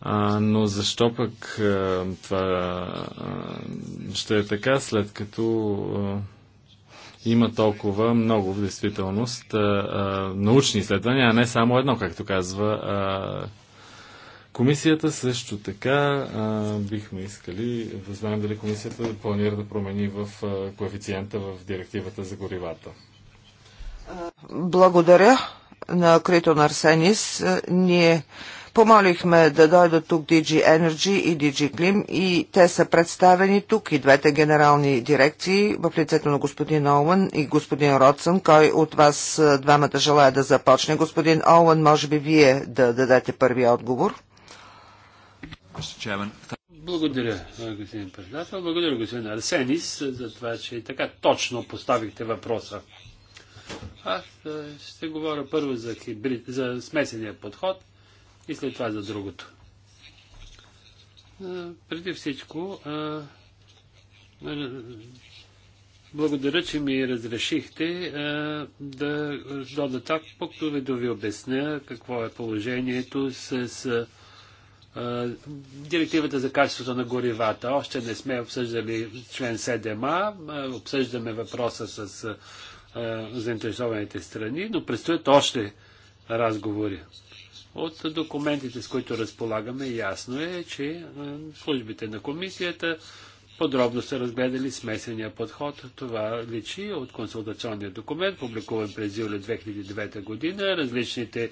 А, но защо пък а, това а, ще е така, след като а, има толкова много в действителност а, а, научни изследвания, а не само едно, както казва а, комисията. Също така а, бихме искали да знаем дали комисията планира да промени в а, коефициента в директивата за горивата. Благодаря на Критон Арсенис. Ние Помолихме да дойдат тук DG Energy и DG Klim и те са представени тук и двете генерални дирекции в лицето на господин Оуън и господин Родсън. Кой от вас е, двамата желая да започне? Господин Оуън, може би вие да дадете първи отговор. Благодаря, господин председател. Благодаря, господин Арсенис, за това, че така точно поставихте въпроса. Аз ще говоря първо за, хибрид, за смесения подход и след това за другото. Преди всичко, благодаря, че ми разрешихте да дода так, покто да ви обясня какво е положението с директивата за качеството на горивата. Още не сме обсъждали член 7а, обсъждаме въпроса с заинтересованите страни, но предстоят още разговори. От документите, с които разполагаме, ясно е, че службите на комисията подробно са разгледали смесения подход. Това личи от консултационния документ, публикуван през юли 2009 година, различните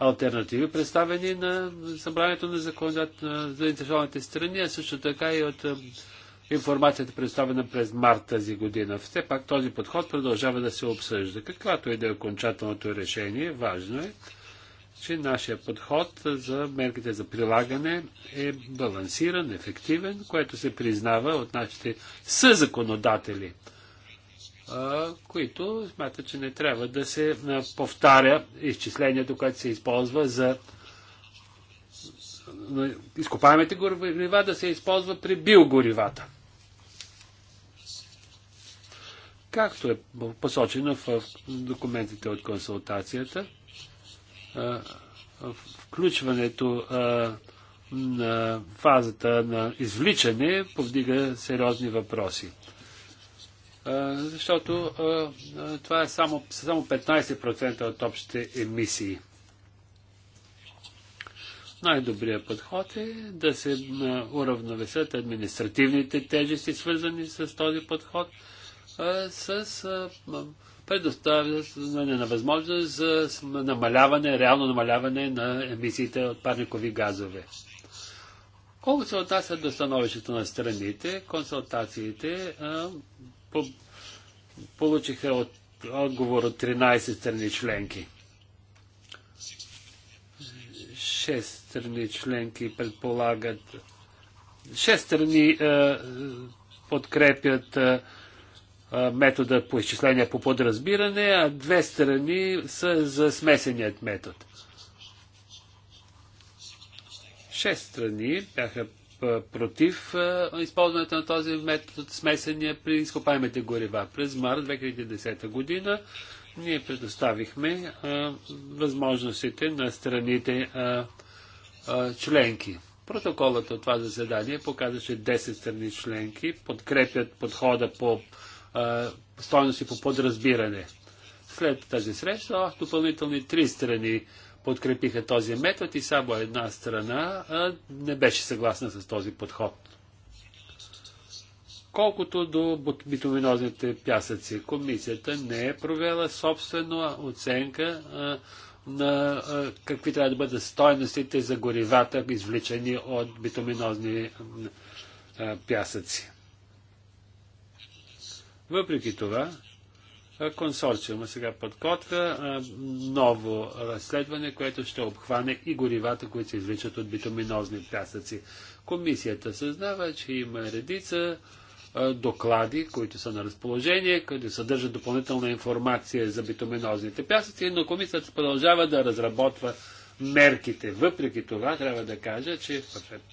альтернативи, представени на събранието на, законодателите на заинтересованите страни, а също така и от информацията представена през март тази година. Все пак този подход продължава да се обсъжда. Каквато и да е окончателното решение, важно е, че нашия подход за мерките за прилагане е балансиран, ефективен, което се признава от нашите съзаконодатели, които смятат, че не трябва да се повтаря изчислението, което се използва за изкопаемите горива да се използва при биогоривата. Както е посочено в документите от консултацията, включването на фазата на извличане повдига сериозни въпроси. Защото това е само, само 15% от общите емисии. Най-добрият подход е да се уравновесят административните тежести, свързани с този подход – с предоставяне на възможност за намаляване, реално намаляване на емисиите от парникови газове. Колко се отнася до становището на страните, консултациите а, по, получиха от, отговор от 13 страни членки. 6 страни членки предполагат. 6 страни а, подкрепят а, метода по изчисление по подразбиране, а две страни са за смесеният метод. Шест страни бяха против използването на този метод смесения при изкопаемите горива. През март 2010 година ние предоставихме възможностите на страните членки. Протоколът от това заседание показва, че 10 страни членки подкрепят подхода по стойности по подразбиране. След тази среща допълнителни три страни подкрепиха този метод и само една страна не беше съгласна с този подход. Колкото до битуминозните пясъци, комисията не е провела собствена оценка на какви трябва да бъдат стойностите за горивата, извличани от битуминозни пясъци. Въпреки това, консорциума сега подготвя ново разследване, което ще обхване и горивата, които се извличат от битуминозни пясъци. Комисията съзнава, че има редица доклади, които са на разположение, които съдържат допълнителна информация за битуминозните пясъци, но комисията продължава да разработва мерките. Въпреки това, трябва да кажа, че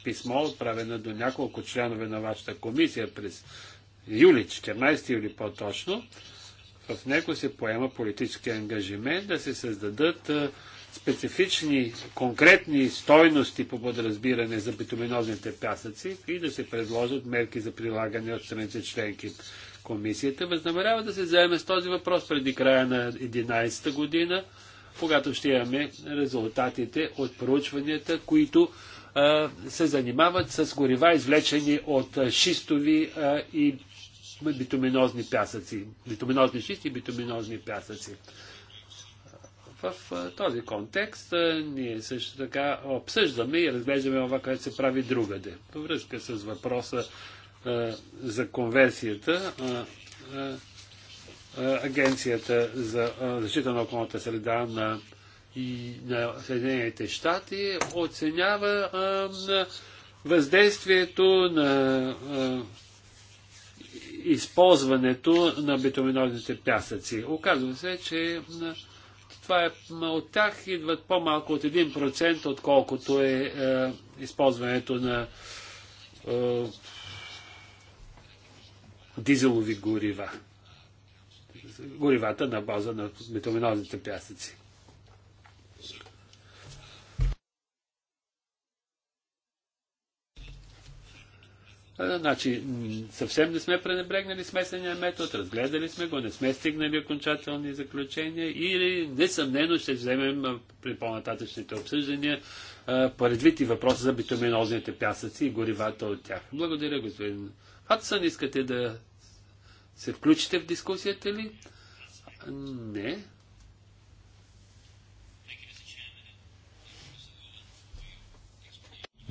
писмо, отправено до няколко членове на вашата комисия през юли, 14 юли по-точно, в него се поема политически ангажимент да се създадат специфични, конкретни стойности по подразбиране за битуминозните пясъци и да се предложат мерки за прилагане от страните членки. Комисията възнамерява да се заеме с този въпрос преди края на 11-та година, когато ще имаме резултатите от проучванията, които а, се занимават с горива, извлечени от шистови а, и битуминозни пясъци, битуминозни шисти и битуминозни пясъци. В този контекст ние също така обсъждаме и разглеждаме това, което се прави другаде. Във връзка с въпроса а, за конверсията, а, а, Агенцията за защита на околната среда на, и на Съединените щати оценява въздействието на използването на битуминозните пясъци. Оказва се, че това е, от тях идват по-малко от 1%, отколкото е, е използването на е, дизелови горива. Горивата на база на битуминозните пясъци. Значи, съвсем не сме пренебрегнали смесения метод, разгледали сме го, не сме стигнали окончателни заключения или несъмнено ще вземем при по-нататъчните обсъждания предвид и въпроса за битуминозните пясъци и горивата от тях. Благодаря, господин Хадсън. Искате да се включите в дискусията ли? Не.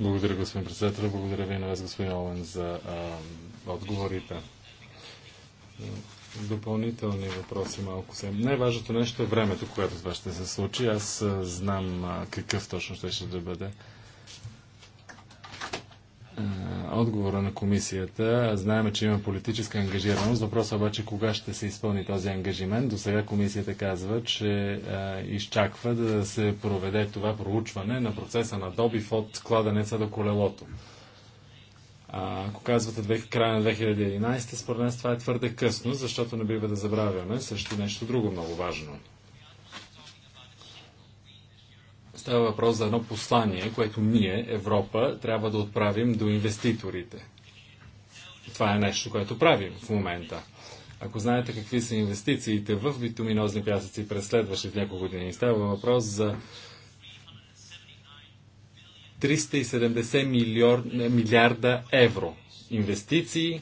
Благодаря, господин председател. Благодаря ви на вас, господин Олен, за а, отговорите. Допълнителни въпроси малко се. Най-важното нещо е времето, което това ще се случи. Аз а, знам а, какъв точно ще, ще да бъде отговора на комисията. Знаем, че има политическа ангажираност. Въпросът обаче кога ще се изпълни този ангажимент. До сега комисията казва, че а, изчаква да се проведе това проучване на процеса на добив от кладенеца до колелото. А, ако казвате края на 2011, според нас това е твърде късно, защото не бива да забравяме също нещо друго много важно – Става въпрос за едно послание, което ние, Европа, трябва да отправим до инвеститорите. Това е нещо, което правим в момента. Ако знаете какви са инвестициите в битуминозни пясъци през следващите няколко години, става въпрос за 370 милиор, милиарда евро инвестиции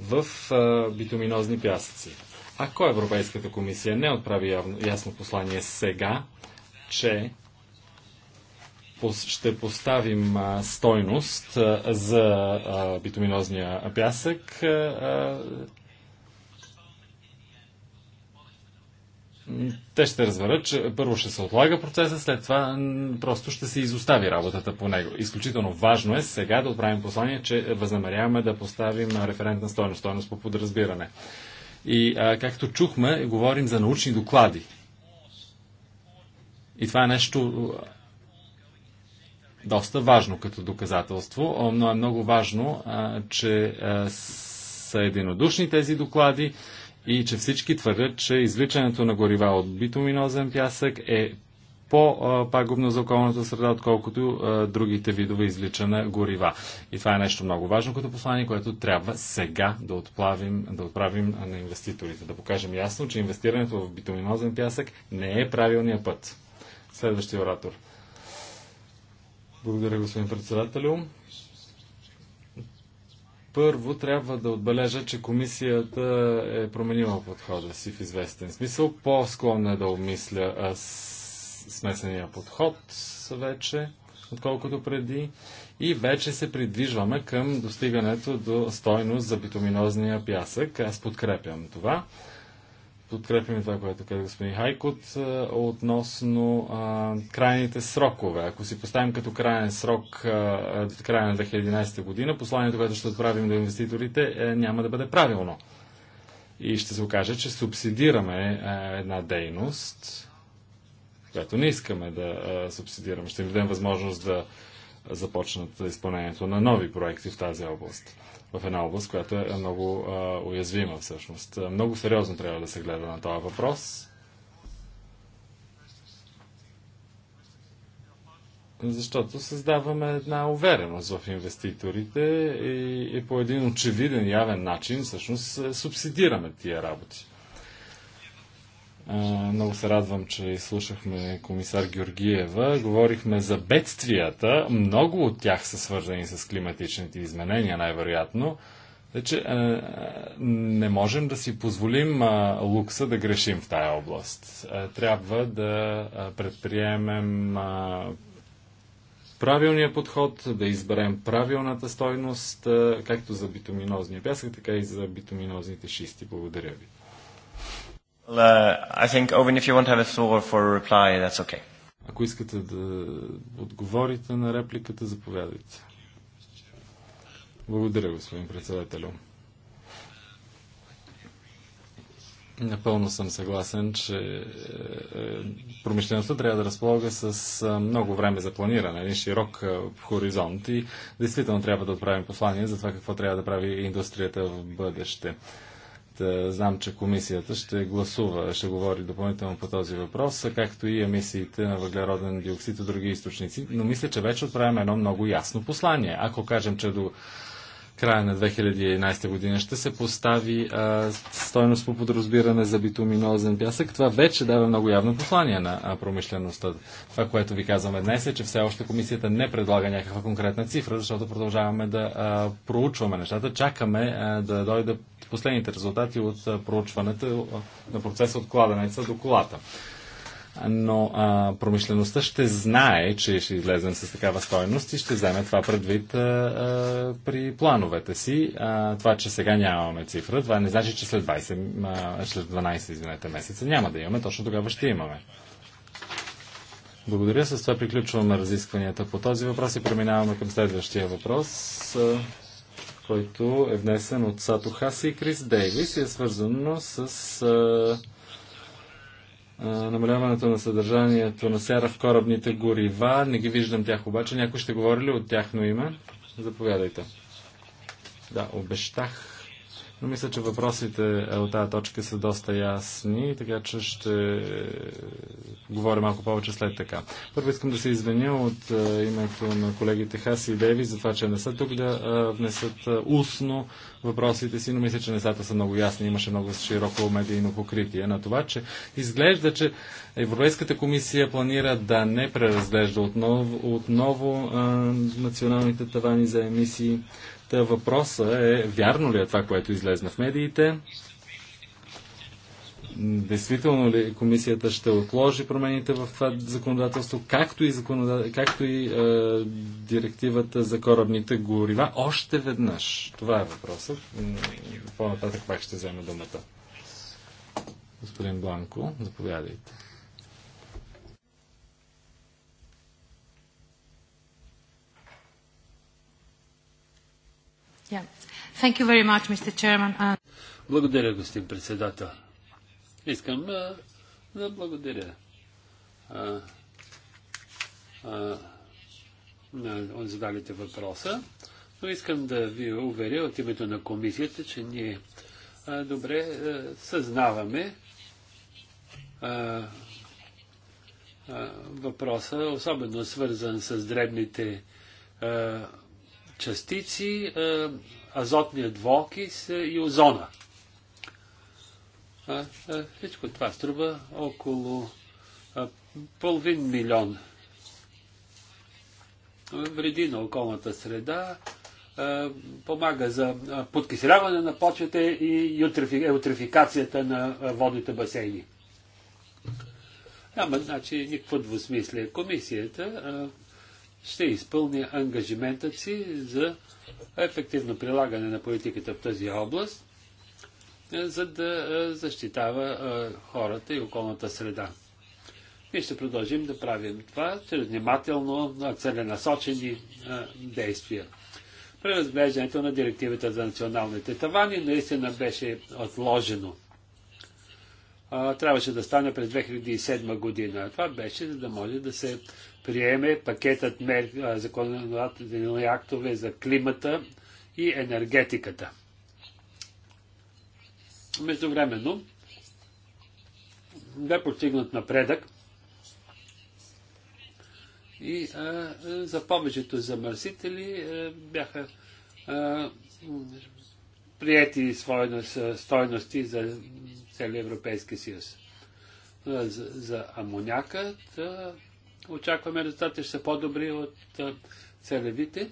в а, битуминозни пясъци. Ако Европейската комисия не отправи явно, ясно послание сега, че ще поставим стойност за битуминозния пясък. те ще разберат, че първо ще се отлага процеса, след това просто ще се изостави работата по него. Изключително важно е сега да отправим послание, че възнамеряваме да поставим референтна стойност, стойност по подразбиране. И както чухме, говорим за научни доклади. И това е нещо доста важно като доказателство, но е много важно, че са единодушни тези доклади и че всички твърдят, че извличането на горива от битуминозен пясък е по-пагубно за околната среда, отколкото другите видове извличане горива. И това е нещо много важно като послание, което трябва сега да отправим, да отправим на инвеститорите. Да покажем ясно, че инвестирането в битуминозен пясък не е правилният път. Следващия оратор. Благодаря, господин председателю. Първо трябва да отбележа, че комисията е променила подхода си в известен смисъл. По-склонна е да обмисля смесения подход вече, отколкото преди. И вече се придвижваме към достигането до стойност за битуминозния пясък. Аз подкрепям това подкрепим това, което каза господин Хайкот, относно а, крайните срокове. Ако си поставим като крайен срок а, края на 2011 година, посланието, което ще отправим до инвеститорите, е, няма да бъде правилно. И ще се окаже, че субсидираме а, една дейност, която не искаме да а, субсидираме. Ще им дадем възможност да започнат изпълнението на нови проекти в тази област в една област, която е много а, уязвима всъщност. Много сериозно трябва да се гледа на този въпрос. Защото създаваме една увереност в инвеститорите и, и по един очевиден явен начин всъщност е, субсидираме тия работи. Много се радвам, че изслушахме комисар Георгиева. Говорихме за бедствията. Много от тях са свързани с климатичните изменения, най-вероятно. Вече не можем да си позволим лукса да грешим в тая област. трябва да предприемем правилния подход, да изберем правилната стойност, както за битуминозния пясък, така и за битуминозните шисти. Благодаря ви. Well, uh, I think, Owen, if you want to have a floor for a reply, that's okay. Ако искате да отговорите на репликата, заповядайте. Благодаря, господин председател. Напълно съм съгласен, че е, е, промишлеността трябва да разполага с е, много време за планиране, един широк хоризонт и действително трябва да отправим послание за това какво трябва да прави индустрията в бъдеще. Е, знам, че комисията ще гласува, ще говори допълнително по този въпрос, както и емисиите на въглероден диоксид от други източници. Но мисля, че вече отправяме едно много ясно послание. Ако кажем, че до края на 2011 година ще се постави а, стойност по подразбиране за битуминозен пясък. Това вече дава много явно послание на а, промишлеността. Това, което ви казваме днес е, че все още комисията не предлага някаква конкретна цифра, защото продължаваме да а, проучваме нещата. Чакаме а, да дойде последните резултати от проучването е, на процеса от кладенеца до колата. Но а, промишлеността ще знае, че ще излезем с такава стойност и ще вземе това предвид а, а, при плановете си. А, това, че сега нямаме цифра, това не значи, че след, 20, а, след 12 извинете, месеца няма да имаме, точно тогава ще имаме. Благодаря. С това приключваме разискванията по този въпрос и преминаваме към следващия въпрос който е внесен от Сато Хаси и Крис Дейвис и е свързано с а, а, намаляването на съдържанието на сяра в корабните горива. Не ги виждам тях обаче. Някой ще говори ли от тяхно име? Заповядайте. Да, обещах но мисля, че въпросите е от тази точка са доста ясни, така че ще говоря малко повече след така. Първо искам да се извиня от е, името на колегите Хаси и Деви за това, че не са тук да е, внесат устно въпросите си, но мисля, че нещата са много ясни. Имаше много широко медийно покритие на това, че изглежда, че Европейската комисия планира да не преразглежда отново, отново а, националните тавани за емисии Та въпросът е, вярно ли е това, което излезна в медиите? Действително ли комисията ще отложи промените в това законодателство, както и, законодател... както и е, директивата за корабните горива, още веднъж? Това е въпросът. По-нататък пак ще вземе думата. Господин Бланко, заповядайте. Uh, благодаря, господин председател. Искам а, да благодаря а, а, на задалите въпроса, но искам да ви уверя от името на комисията, че ние а, добре а, съзнаваме а, въпроса, особено свързан с дребните частици, е, азотния двокис и озона. Всичко това струва около половин милион. Вреди на околната среда, помага за подкисляване на почвите и еутрификацията на водните басейни. Няма, значи, никакво двусмислие. Комисията ще изпълни ангажиментът си за ефективно прилагане на политиката в тази област, е, за да е, защитава е, хората и околната среда. Ние ще продължим да правим това чрез внимателно целенасочени действия. Преразглеждането на директивата за националните тавани наистина беше отложено. Трябваше да стане през 2007 година. Това беше, за да може да се приеме пакетът мер... законодателни актове за климата и енергетиката. Междувременно бе постигнат напредък и а, за повечето замърсители а, бяха а, приети стойности за целия Европейски съюз. За, за амонякът очакваме резултати, ще са по-добри от целевите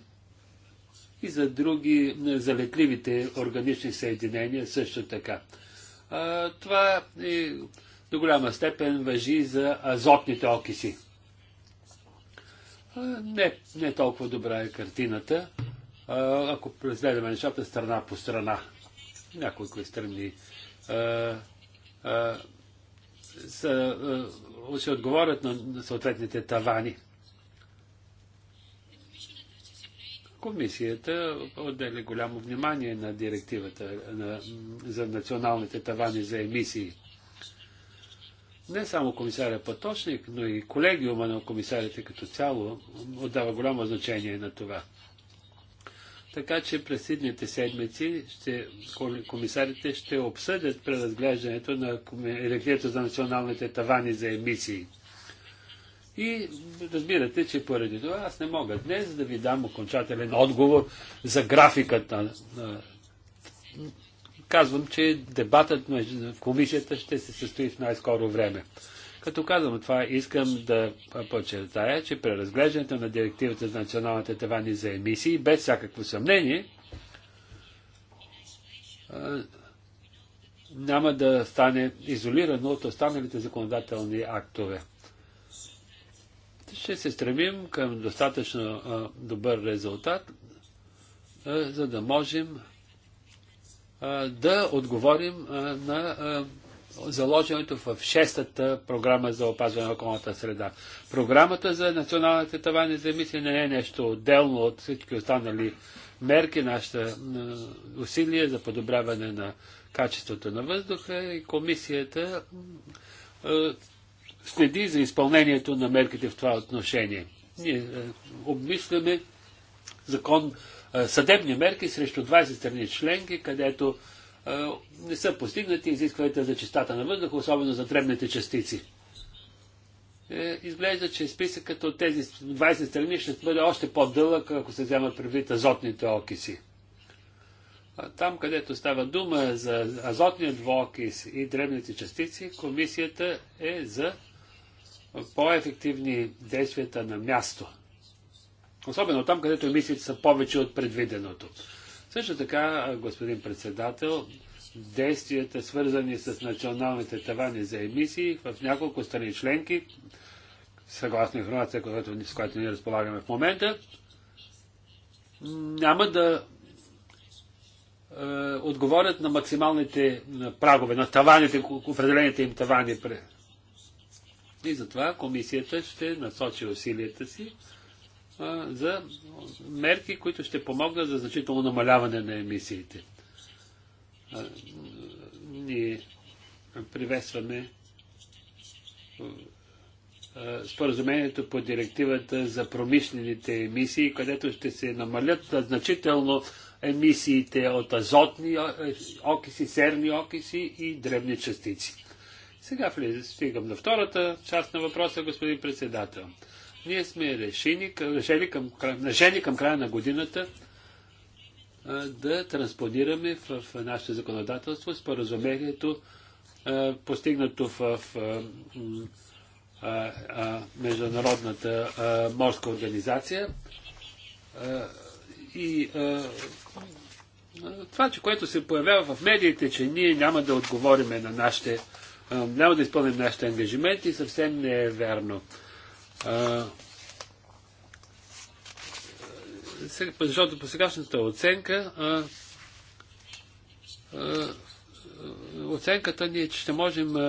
и за други залетливите органични съединения също така. А, това е, до голяма степен въжи за азотните окиси. А, не, не толкова добра е картината, а, ако разгледаме нещата страна по страна. Няколко страни а, а, са се отговорят на съответните тавани. Комисията отделя голямо внимание на директивата на, за националните тавани за емисии. Не само комисаря Паточник, но и колегиума на комисарите като цяло отдава голямо значение на това. Така че през следните седмици ще, комисарите ще обсъдят преразглеждането на електрията за националните тавани за емисии. И разбирате, че поради това аз не мога днес да ви дам окончателен отговор за графиката. Казвам, че дебатът в комисията ще се състои в най-скоро време. Като казвам това, искам да подчертая, че преразглеждането на директивата за националните тавани за емисии, без всякакво съмнение, няма да стане изолирано от останалите законодателни актове. Ще се стремим към достатъчно добър резултат, за да можем да отговорим на заложеното в шестата програма за опазване на околната среда. Програмата за националните тавани за емисии не е нещо отделно от всички останали мерки, нашите усилия за подобряване на качеството на въздуха и комисията е, следи за изпълнението на мерките в това отношение. Ние е, обмисляме закон, е, съдебни мерки срещу 20 страни членки, където не са постигнати изискванията за чистата на въздуха, особено за дребните частици. Е, изглежда, че списъкът от тези 20 страни ще бъде още по-дълъг, ако се вземат предвид азотните окиси. Там, където става дума за азотният двуокис и дребните частици, комисията е за по-ефективни действията на място. Особено там, където емисиите са повече от предвиденото. Също така, господин председател, действията, свързани с националните тавани за емисии в няколко страни членки, съгласно информация, която, с която ние разполагаме в момента, няма да е, отговорят на максималните на прагове, на таваните, определените им тавани. И затова комисията ще насочи усилията си за мерки, които ще помогнат за значително намаляване на емисиите. Ние приветстваме споразумението по директивата за промишлените емисии, където ще се намалят значително емисиите от азотни е, окиси, серни окиси и древни частици. Сега стигам на втората част на въпроса, господин председател ние сме решени, решени към, решени към края на годината да транспонираме в нашето законодателство споразумението, постигнато в Международната морска организация. И това, че което се появява в медиите, че ние няма да отговориме на нашите, няма да изпълним нашите ангажименти, съвсем не е вярно защото по сегашната оценка а, а, оценката ни е, че ще можем а,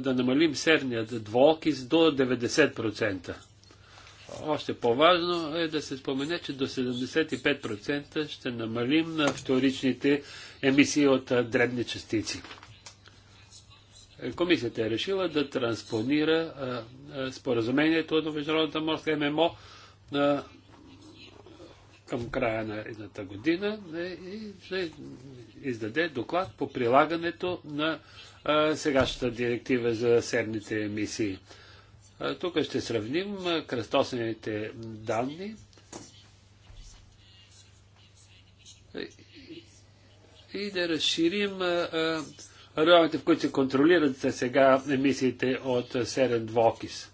да намалим серният двуокис до 90%. Още по-важно е да се спомене, че до 75% ще намалим на вторичните емисии от дребни частици. Комисията е решила да транспонира а, споразумението от Международната морска ММО а, към края на едната година е, и ще издаде доклад по прилагането на сегашната директива за серните емисии. Тук ще сравним кръстосените данни и да разширим районите, в които се контролират сега емисиите от серен двокис.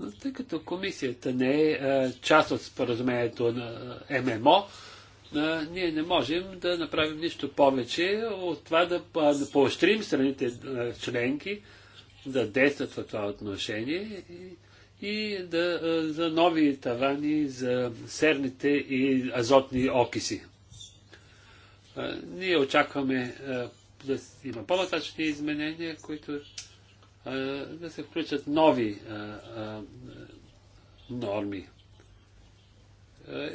Но тъй като комисията не е част от споразумението на ММО, ние не можем да направим нищо повече от това да, поощрим страните членки да действат в това отношение и, и да за нови тавани за серните и азотни окиси. Ние очакваме да има по-нататъчни изменения, които да се включат нови норми.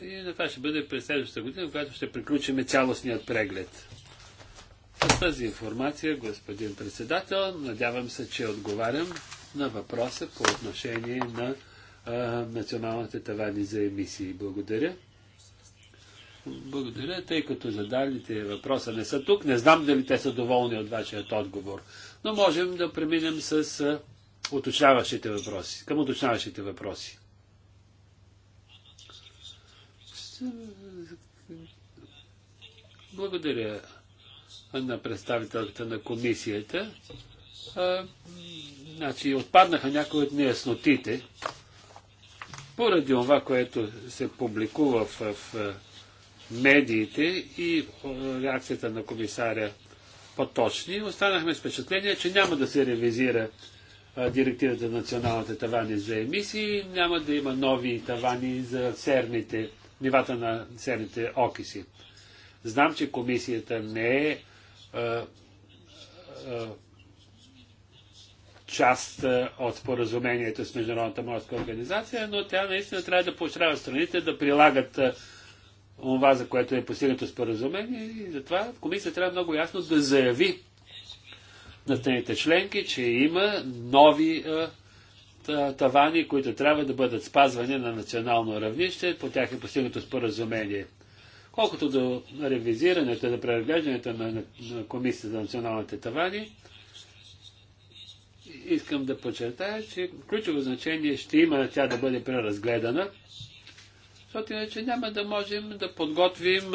И на това ще бъде през следващата година, когато ще приключим цялостният преглед. С тази информация, господин председател, надявам се, че отговарям на въпроса по отношение на а, националните тавани за емисии. Благодаря. Благодаря, тъй като задалите въпроса не са тук. Не знам дали те са доволни от вашият отговор, но можем да преминем с уточняващите въпроси. Към уточняващите въпроси. Благодаря на представителката на комисията. А, значи, отпаднаха някои от неяснотите поради това, което се публикува в, в медиите и е, реакцията на комисаря по-точни. останахме с впечатление, че няма да се ревизира е, директивата на националните тавани за емисии, няма да има нови тавани за серните, нивата на серните окиси. Знам, че комисията не е, е част от споразумението с Международната морска организация, но тя наистина трябва да поощрява страните да прилагат това, за което е постигнато споразумение и затова комисията трябва много ясно да заяви на страните членки, че има нови тавани, които трябва да бъдат спазвани на национално равнище, по тях е постигнато споразумение. Колкото до ревизирането, до преразглеждането на, на, на комисията за националните тавани, искам да подчертая, че ключово значение ще има тя да бъде преразгледана – защото иначе няма да можем да подготвим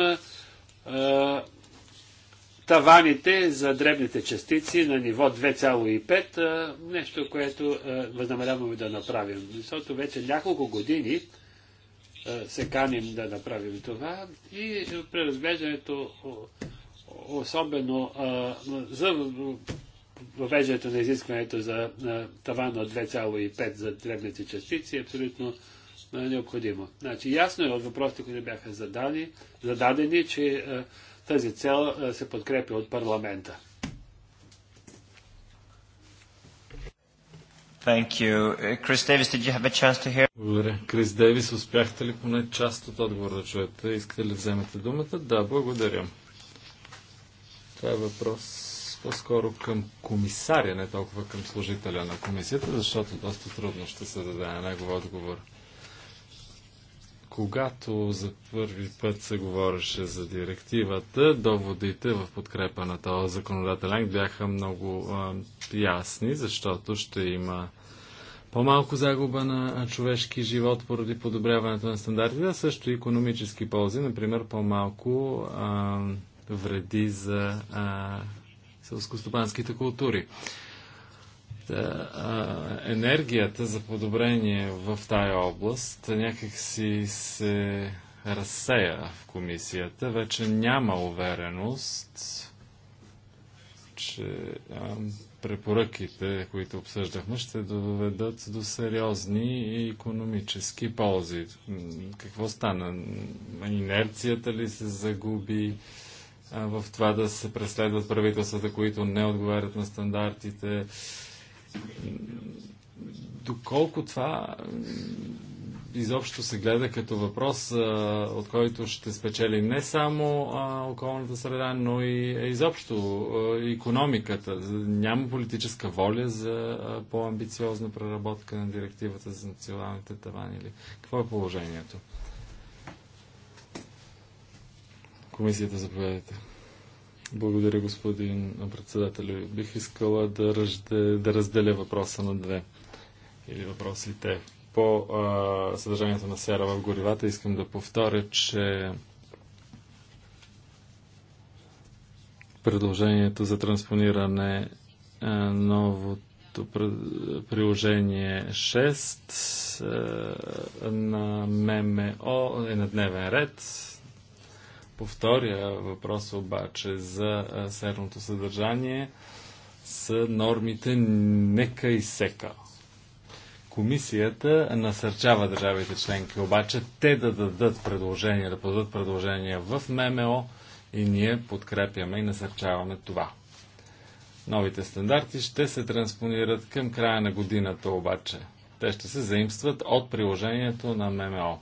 а, таваните за дребните частици на ниво 2,5, нещо, което възнамеряваме да направим. Защото вече няколко години а, се каним да направим това и преразглеждането особено а, за въвеждането на изискването за а, таван от 2,5 за дребните частици е абсолютно е необходимо. Значи, ясно е от въпросите, които бяха задани, зададени, че е, тази цел е, се подкрепи от парламента. Thank you. Chris е, Davis, did you have a chance to hear? Благодаря. Крис Дейвис, успяхте ли поне част от отговора да чуете? Искате ли вземете думата? Да, благодаря. Това е въпрос по-скоро към комисаря, не толкова към служителя на комисията, защото доста трудно ще се даде на него отговор. Когато за първи път се говореше за директивата, доводите в подкрепа на този законодателен бяха много а, ясни, защото ще има по-малко загуба на човешки живот поради подобряването на стандартите, а също и економически ползи, например по-малко вреди за селскостопанските култури енергията за подобрение в тая област някак си се разсея в комисията. Вече няма увереност, че препоръките, които обсъждахме, ще доведат до сериозни економически ползи. Какво стана? Инерцията ли се загуби? в това да се преследват правителствата, които не отговарят на стандартите. Доколко това изобщо се гледа като въпрос, от който ще спечели не само околната среда, но и е, изобщо економиката. Няма политическа воля за по-амбициозна преработка на директивата за националните тавани или какво е положението? Комисията, заповядайте. Благодаря, господин председател. Бих искала да, ръжде, да разделя въпроса на две или въпросите. По а, съдържанието на сяра в горивата искам да повторя, че предложението за транспониране а, новото приложение 6 а, на ММО е на дневен ред по втория въпрос обаче за серното съдържание са нормите нека и сека. Комисията насърчава държавите членки, обаче те да дадат предложения, да подадат предложения в ММО и ние подкрепяме и насърчаваме това. Новите стандарти ще се транспонират към края на годината обаче. Те ще се заимстват от приложението на ММО.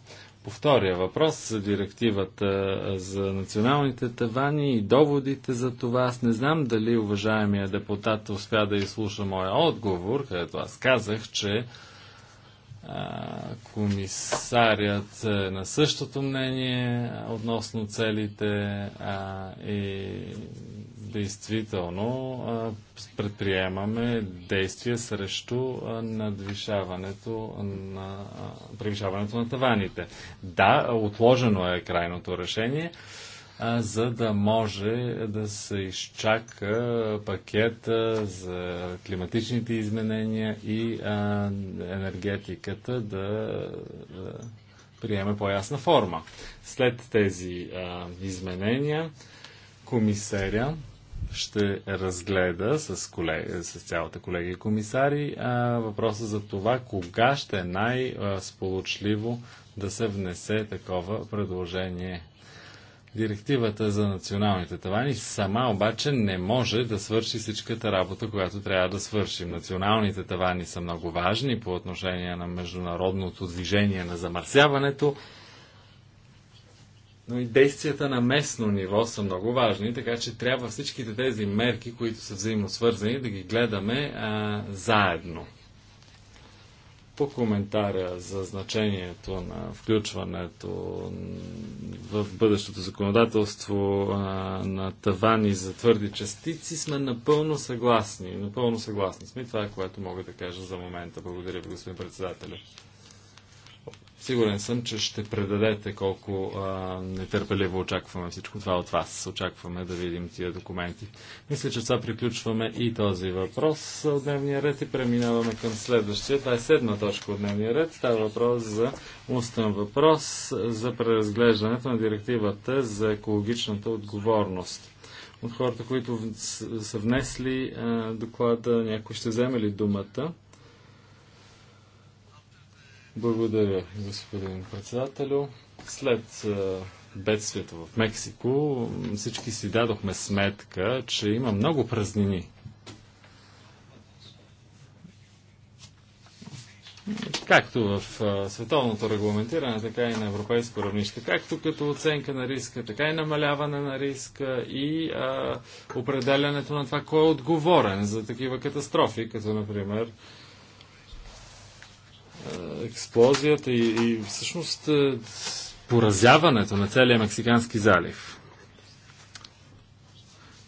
По втория въпрос, директивата за националните тавани и доводите за това, аз не знам дали уважаемия депутат успя да изслуша моя отговор, където аз казах, че комисарят е на същото мнение относно целите а, и действително предприемаме действия срещу надвишаването на, превишаването на таваните. Да, отложено е крайното решение, за да може да се изчака пакета за климатичните изменения и енергетиката да приеме по-ясна форма. След тези а, изменения, комисаря ще разгледа с, колег... с цялата колеги комисари а, въпроса за това кога ще е най-сполучливо да се внесе такова предложение. Директивата за националните тавани сама обаче не може да свърши всичката работа, която трябва да свършим. Националните тавани са много важни по отношение на международното движение на замърсяването но и действията на местно ниво са много важни, така че трябва всичките тези мерки, които са взаимосвързани, да ги гледаме а, заедно. По коментаря за значението на включването в бъдещото законодателство а, на тавани за твърди частици, сме напълно съгласни. Напълно съгласни сме. Това е което мога да кажа за момента. Благодаря ви, господин председателю. Сигурен съм, че ще предадете колко а, нетърпеливо очакваме всичко това от вас. Очакваме да видим тия документи. Мисля, че това приключваме и този въпрос от дневния ред и преминаваме към следващия. Това е седма точка от дневния ред. Става въпрос за устен въпрос за преразглеждането на директивата за екологичната отговорност. От хората, които са внесли а, доклада, някой ще вземе ли думата? Благодаря, господин председателю. След бедствието в Мексико всички си дадохме сметка, че има много празнини. Както в световното регламентиране, така и на европейско равнище, както като оценка на риска, така и намаляване на риска и а, определянето на това кой е отговорен за такива катастрофи, като например експлозията и, и всъщност поразяването на целия Мексикански залив.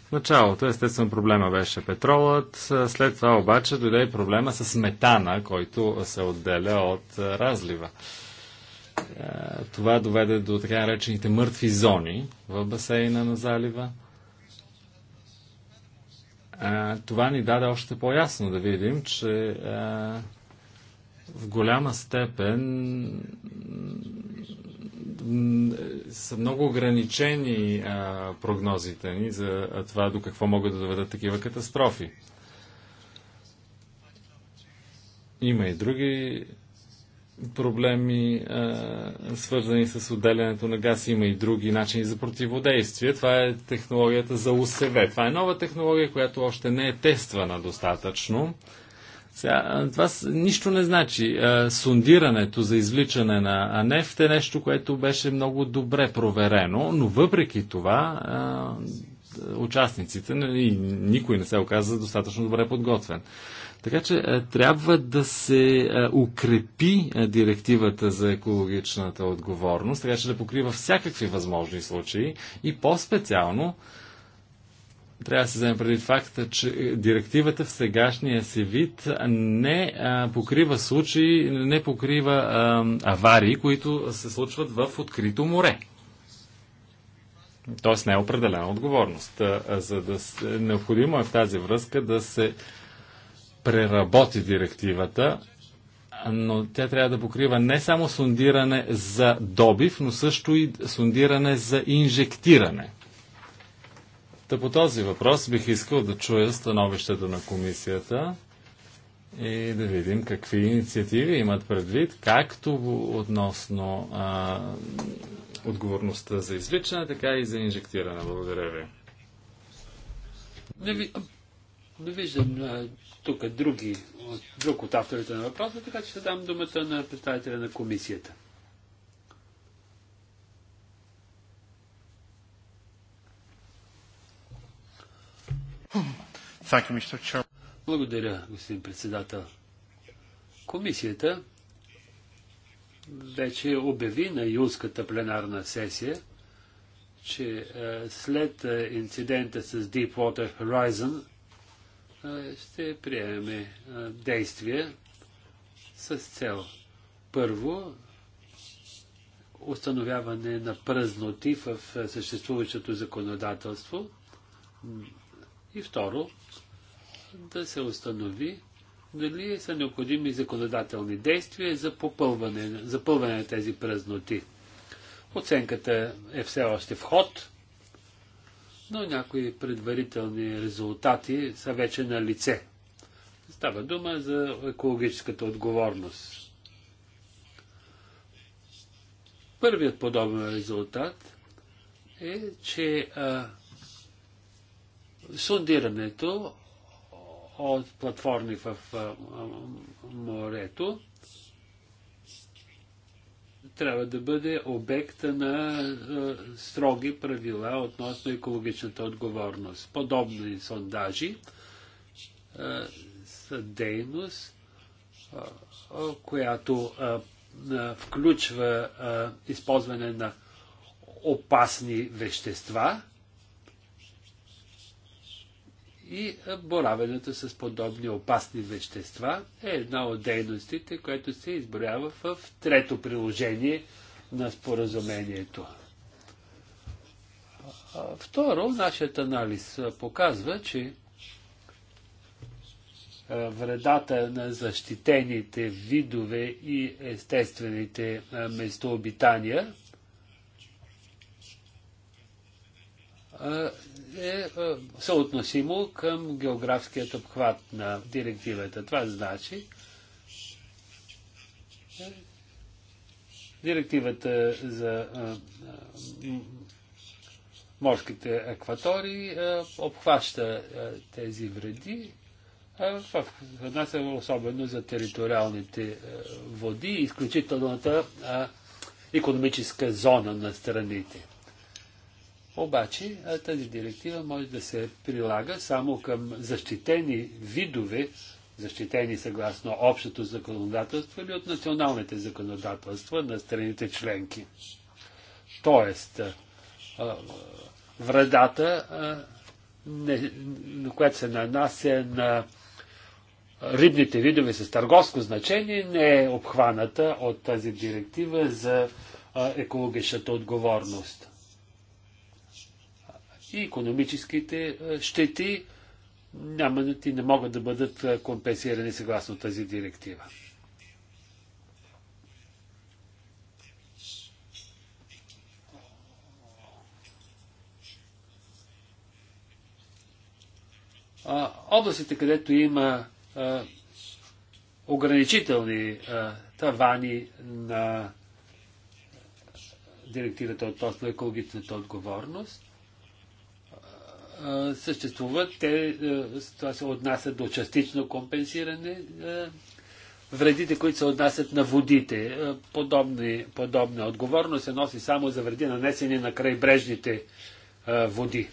В началото, естествено, проблема беше петролът, след това обаче дойде и проблема с метана, който се отделя от разлива. Това доведе до така наречените мъртви зони в басейна на залива. Това ни даде още по-ясно да видим, че в голяма степен са много ограничени а, прогнозите ни за това до какво могат да доведат такива катастрофи. Има и други проблеми, а, свързани с отделянето на газ. Има и други начини за противодействие. Това е технологията за УСВ. Това е нова технология, която още не е тествана достатъчно. Сега, това нищо не значи. Сундирането за извличане на нефт е нещо, което беше много добре проверено, но въпреки това участниците и нали, никой не се оказа достатъчно добре подготвен. Така че трябва да се укрепи директивата за екологичната отговорност, така че да покрива всякакви възможни случаи и по-специално трябва да се вземе преди факта, че директивата в сегашния си вид не а, покрива случаи, не покрива а, аварии, които се случват в открито море. Тоест не е определена отговорност. А, за да се, необходимо е в тази връзка да се преработи директивата, но тя трябва да покрива не само сундиране за добив, но също и сундиране за инжектиране Та по този въпрос бих искал да чуя становището на комисията и да видим какви инициативи имат предвид, както относно а, отговорността за извличане, така и за инжектиране. Благодаря ви. Не, ви, не виждам а, тук други, друг от авторите на въпроса, така че ще дам думата на представителя на комисията. Благодаря, господин председател. Комисията вече обяви на юлската пленарна сесия, че е, след е, инцидента с Deepwater Horizon е, ще приемеме действия с цел първо установяване на пръзноти в съществуващото законодателство, и второ, да се установи дали са необходими законодателни действия за попълване, запълване на тези празноти. Оценката е все още в ход, но някои предварителни резултати са вече на лице. Става дума за екологическата отговорност. Първият подобен резултат е, че а, Сондирането от платформи в морето трябва да бъде обект на строги правила относно екологичната отговорност. Подобни сондажи са дейност, която включва използване на опасни вещества – и боравенето с подобни опасни вещества е една от дейностите, което се изброява в трето приложение на споразумението. Второ, нашият анализ показва, че вредата на защитените видове и естествените местообитания – е съотносимо към географският обхват на директивата. Това значи, директивата за морските акватории обхваща тези вреди. В една се особено за териториалните води и изключителната економическа зона на страните. Обаче тази директива може да се прилага само към защитени видове, защитени съгласно общото законодателство или от националните законодателства на страните членки. Тоест, вредата, която се нанася на рибните видове с търговско значение, не е обхваната от тази директива за екологичната отговорност и економическите щети няма и не могат да бъдат компенсирани съгласно тази директива. областите, където има а, ограничителни а, тавани на директивата относно екологичната отговорност, съществуват, те, това се отнася до частично компенсиране, вредите, които се отнасят на водите. Подобни, подобна отговорност се носи само за вреди, нанесени на крайбрежните води.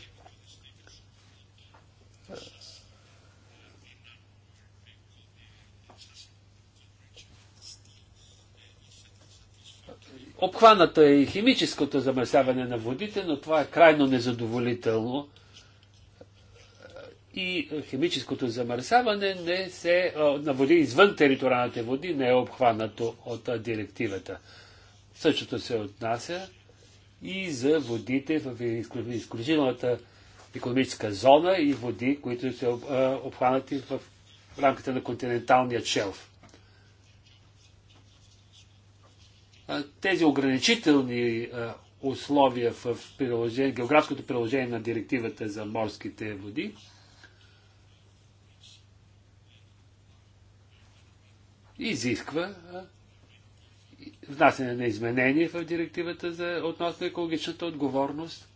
Обхваната е и химическото замърсяване на водите, но това е крайно незадоволително – и е, химическото замърсяване не се, е, на води извън териториалните води не е обхванато от е, директивата. Същото се отнася и за водите в изключителната економическа зона и води, които се обхванати в рамките на континенталния шелф. Тези ограничителни условия в приложение, географското приложение на директивата за морските води изисква внасяне на изменения в директивата за относно екологичната отговорност.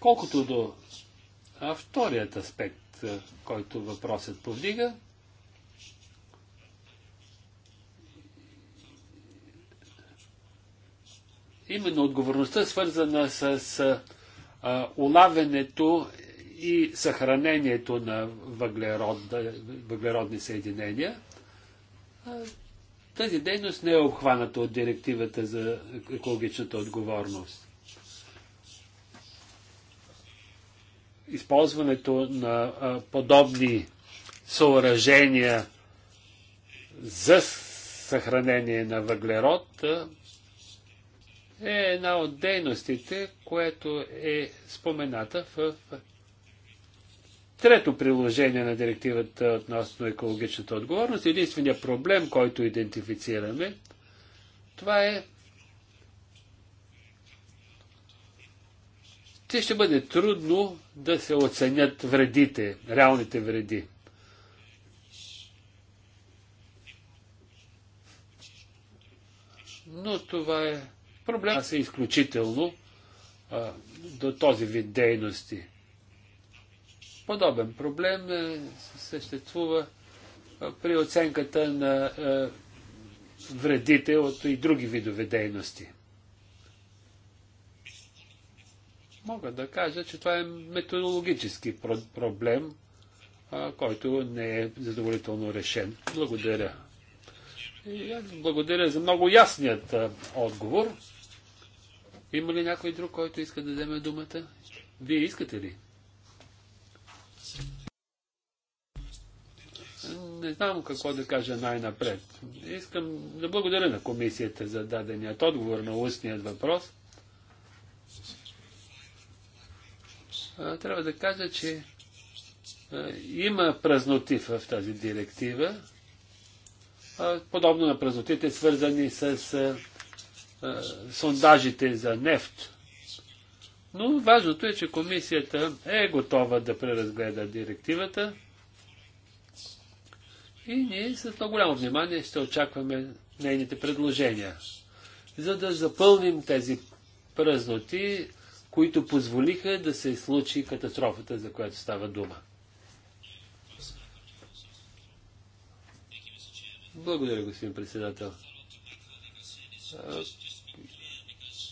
Колкото до вторият аспект, който въпросът повдига, именно отговорността свързана с а, улавянето и съхранението на въглерод, въглеродни съединения, тази дейност не е обхваната от директивата за екологичната отговорност. Използването на подобни съоръжения за съхранение на въглерод е една от дейностите, което е спомената в трето приложение на директивата относно екологичната отговорност. Единствения проблем, който идентифицираме, това е че ще бъде трудно да се оценят вредите, реалните вреди. Но това е Проблема са изключително а, до този вид дейности. Подобен проблем е, съществува а, при оценката на а, вредите от и други видове дейности. Мога да кажа, че това е методологически про проблем, а, който не е задоволително решен. Благодаря. И благодаря за много ясният а, отговор. Има ли някой друг, който иска да вземе думата? Вие искате ли? Не знам какво да кажа най-напред. Искам да благодаря на комисията за даденият отговор на устният въпрос. Трябва да кажа, че има празноти в тази директива, подобно на празнотите, свързани с сондажите за нефт. Но важното е, че комисията е готова да преразгледа директивата и ние с много голямо внимание ще очакваме нейните предложения, за да запълним тези празноти, които позволиха да се случи катастрофата, за която става дума. Благодаря, господин председател.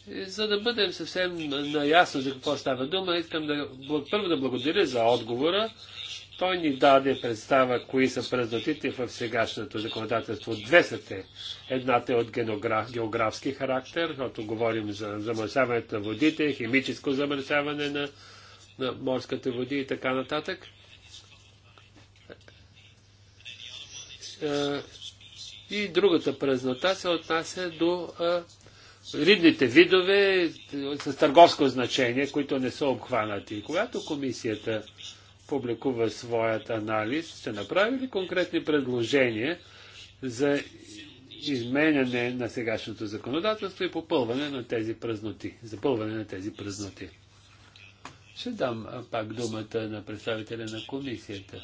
За да бъдем съвсем наясно за какво става дума, искам да, първо да благодаря за отговора. Той ни даде представа кои са празнотите в сегашното законодателство. Две са те. Едната е от генограф, географски характер, защото говорим за замърсяването на водите, химическо замърсяване на, на морските води и така нататък. Е, и другата празнота се отнася до е, рибните видове с търговско значение, които не са обхванати. Когато комисията публикува своят анализ, ще направи ли конкретни предложения за изменяне на сегашното законодателство и попълване на тези празноти, запълване на тези празноти. Ще дам пак думата на представителя на комисията.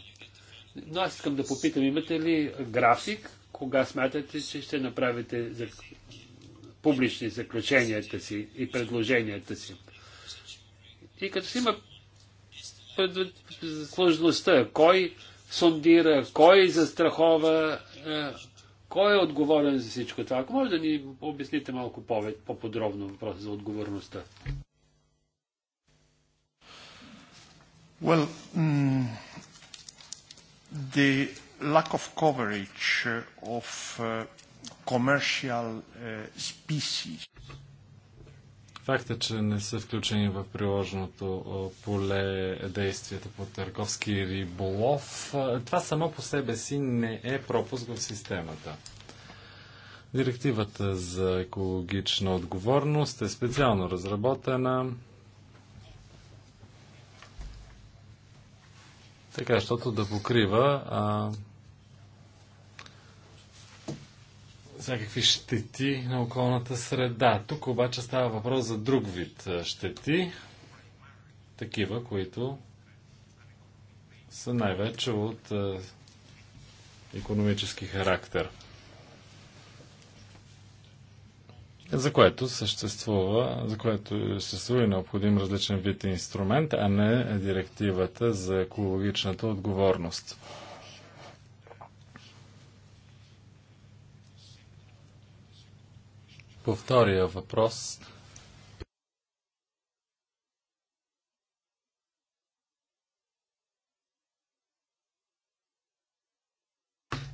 Но аз искам да попитам, имате ли график, кога смятате, че ще направите публични заключенията си и предложенията си. И като си има сложността, кой сондира, кой застрахова, е, кой е отговорен за всичко това? Ако може да ни обясните малко повече, по-подробно въпроса за отговорността. Well, mm, the lack of coverage of uh, commercial eh, species. Факта, е, че не са включени в приложеното поле действията по търговски риболов, това само по себе си не е пропуск в системата. Директивата за екологична отговорност е специално разработена така, защото да покрива а, всякакви щети на околната среда. Тук обаче става въпрос за друг вид щети, такива, които са най-вече от економически характер. За което съществува, за което съществува и необходим различен вид инструмент, а не директивата за екологичната отговорност. По втория въпрос.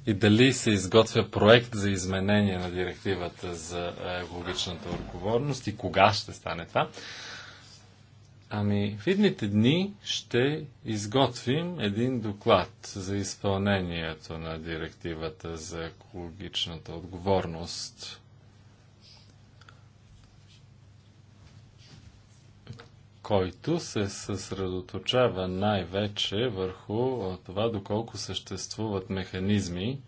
И дали се изготвя проект за изменение на директивата за екологичната отговорност и кога ще стане това? Ами, в идните дни ще изготвим един доклад за изпълнението на директивата за екологичната отговорност. който се съсредоточава най-вече върху това доколко съществуват механизми,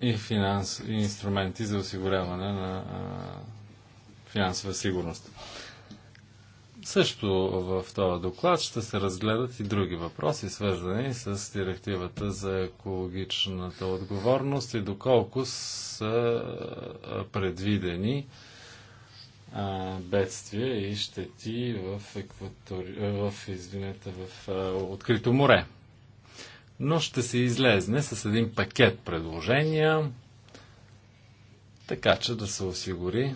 и финанс, и инструменти за осигуряване на а, финансова сигурност. Също в този доклад ще се разгледат и други въпроси, свързани с директивата за екологичната отговорност и доколко са предвидени бедствия и щети в, екватори... в, извинете, в открито море. Но ще се излезне с един пакет предложения, така че да се осигури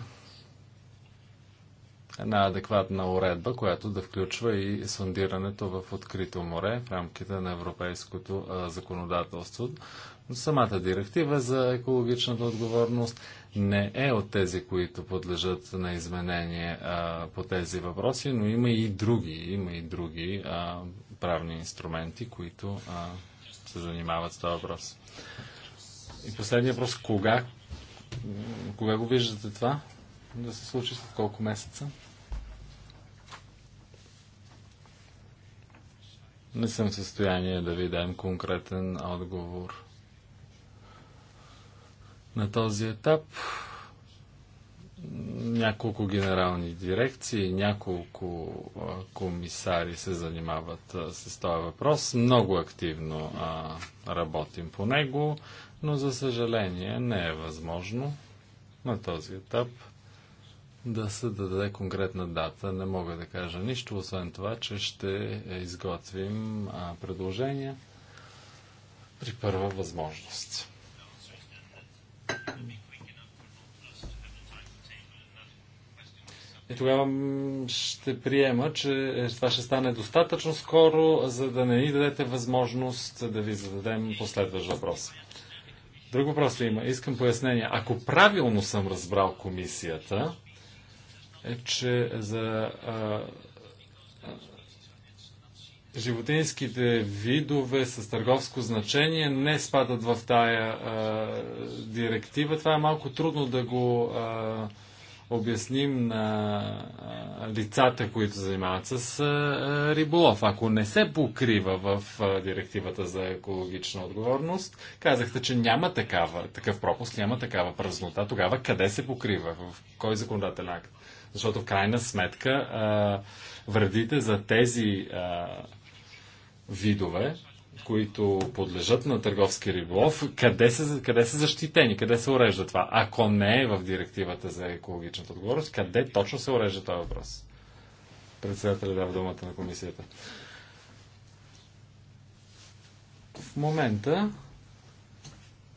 една адекватна уредба, която да включва и сондирането в открито море в рамките на европейското а, законодателство. Но самата директива за екологичната отговорност не е от тези, които подлежат на изменение а, по тези въпроси, но има и други, има и други а, правни инструменти, които а, се занимават с този въпрос. И последния въпрос, кога, кога го виждате това да се случи след колко месеца? Не съм в състояние да ви дам конкретен отговор. На този етап няколко генерални дирекции, няколко комисари се занимават с този въпрос. Много активно работим по него, но за съжаление не е възможно на този етап да се даде конкретна дата. Не мога да кажа нищо, освен това, че ще изготвим предложения при първа възможност. И тогава ще приема, че е, това ще стане достатъчно скоро, за да не ни дадете възможност да ви зададем последващ въпрос. Друг въпрос има? Искам пояснение. Ако правилно съм разбрал комисията, е, че за а, животинските видове с търговско значение не спадат в тая а, директива. Това е малко трудно да го а, обясним на а, лицата, които занимават с а, риболов. Ако не се покрива в а, директивата за екологична отговорност, казахте, че няма такава, такъв пропуск, няма такава празнота. Тогава къде се покрива? В кой законодателен акт? Защото в крайна сметка а, вредите за тези а, видове, които подлежат на търговски риболов, къде са, къде са защитени, къде се урежда това? Ако не е в директивата за екологичната отговорност, къде точно се урежда този въпрос? Председателя дава думата на комисията. В момента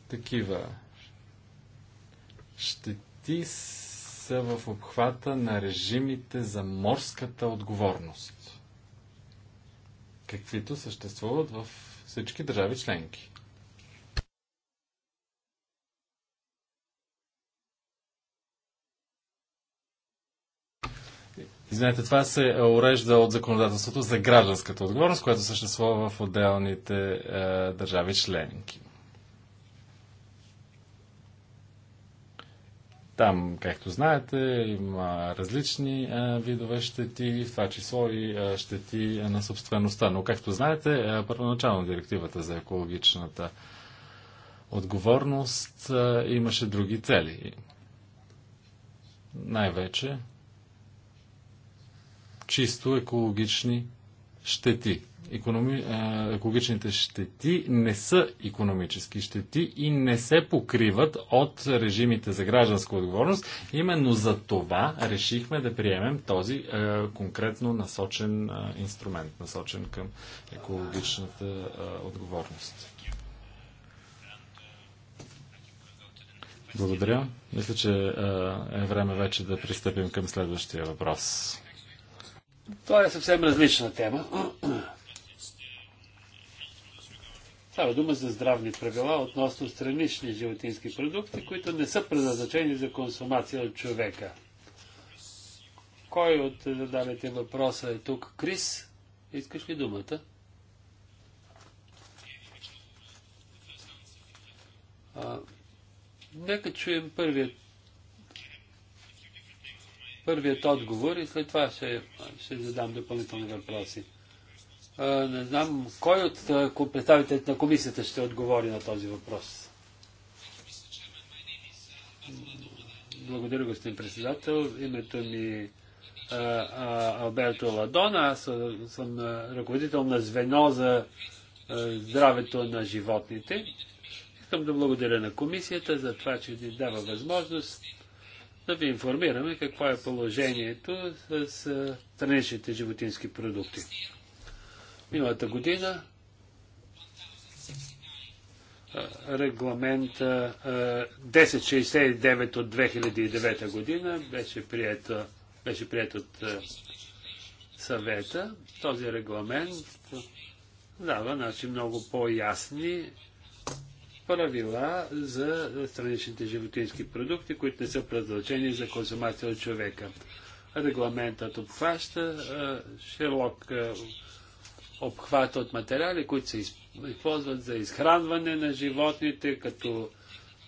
такива щети са в обхвата на режимите за морската отговорност, каквито съществуват в всички държави членки. Извинете, това се урежда от законодателството за гражданската отговорност, което съществува в отделните е, държави членки. Там, както знаете, има различни видове щети, в това число и щети на собствеността. Но, както знаете, първоначално директивата за екологичната отговорност имаше други цели. Най-вече чисто екологични щети економи... екологичните щети не са економически щети и не се покриват от режимите за гражданска отговорност. Именно за това решихме да приемем този е, конкретно насочен е, инструмент, насочен към екологичната е, отговорност. Благодаря. Мисля, че е време вече да пристъпим към следващия въпрос. Това е съвсем различна тема. Става дума за здравни правила относно странични животински продукти, които не са предназначени за консумация от човека. Кой от задалите въпроса е тук? Крис, искаш ли думата? А, нека чуем първият, първият отговор и след това ще, ще задам допълнителни въпроси. Не знам кой от представителите на комисията ще отговори на този въпрос. Благодаря, господин председател. Името ми Алберто Ладона. Аз съм ръководител на звено за здравето на животните. Искам да благодаря на комисията за това, че ни дава възможност да ви информираме какво е положението с страничните животински продукти. Миналата година регламент 1069 от 2009 година беше прият, беше прият от съвета. Този регламент дава значи, много по-ясни правила за страничните животински продукти, които не са предназначени за консумация от човека. Регламентът обхваща широк обхват от материали, които се използват за изхранване на животните, като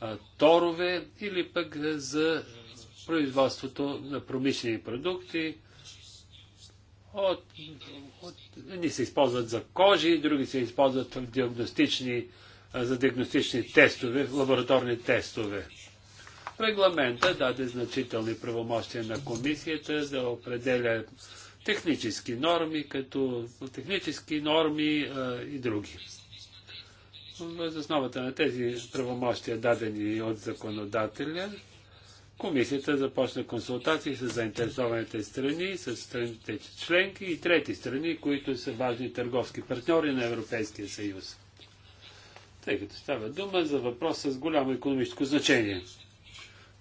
а, торове или пък за производството на промишлени продукти. От, от, едни се използват за кожи, други се използват в диагностични, а, за диагностични тестове, лабораторни тестове. Регламента даде значителни правомощия на комисията да определя технически норми, като технически норми а, и други. Въз основата на тези правомощия, дадени от законодателя, комисията започна консултации с заинтересованите страни, с страните членки и трети страни, които са важни търговски партньори на Европейския съюз. Тъй като става дума за въпрос с голямо економическо значение.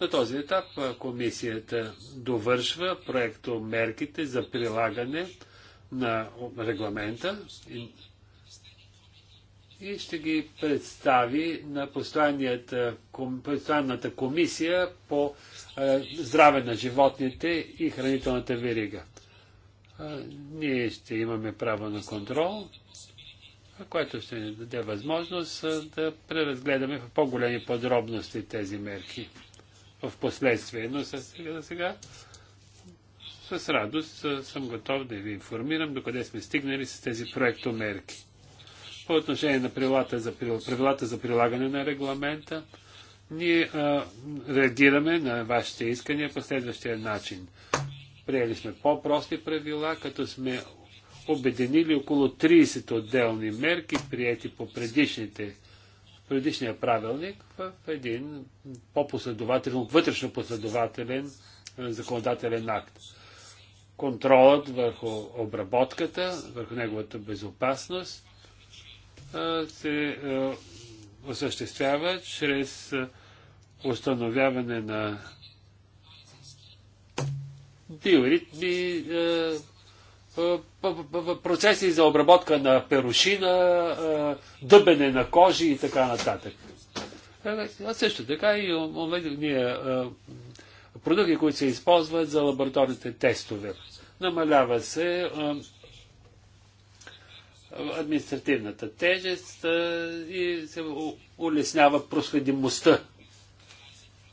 На този етап комисията довършва проекто мерките за прилагане на регламента и ще ги представи на постоянната комисия по здраве на животните и хранителната верига. Ние ще имаме право на контрол, което ще ни даде възможност да преразгледаме в по-големи подробности тези мерки в последствие. Но сега, за сега с радост съм готов да ви информирам докъде сме стигнали с тези проектомерки. По отношение на правилата за, правилата за прилагане на регламента, ние а, реагираме на вашите искания по следващия начин. Приели сме по-прости правила, като сме обединили около 30 отделни мерки, прияти по предишните предишния правилник в един по-последователен, вътрешно последователен е, законодателен акт. Контролът върху обработката, върху неговата безопасност е, се е, осъществява чрез установяване на биоритми, е, процеси за обработка на перушина, е, дъбене на кожи и така нататък. Е, а също така и ние, продукти, които се използват за лабораторните тестове. Намалява се административната тежест и се улеснява проследимостта.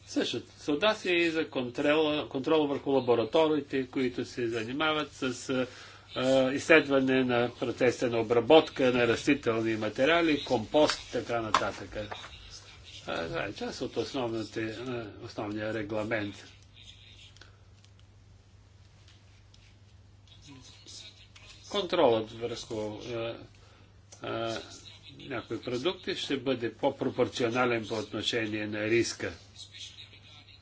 Също се отнася и за контрол, контрола върху лабораториите, които се занимават с изследване на процеса на обработка на растителни материали, компост и така нататък. Това е част от основния регламент. Контролът върху някои продукти ще бъде по-пропорционален по отношение на риска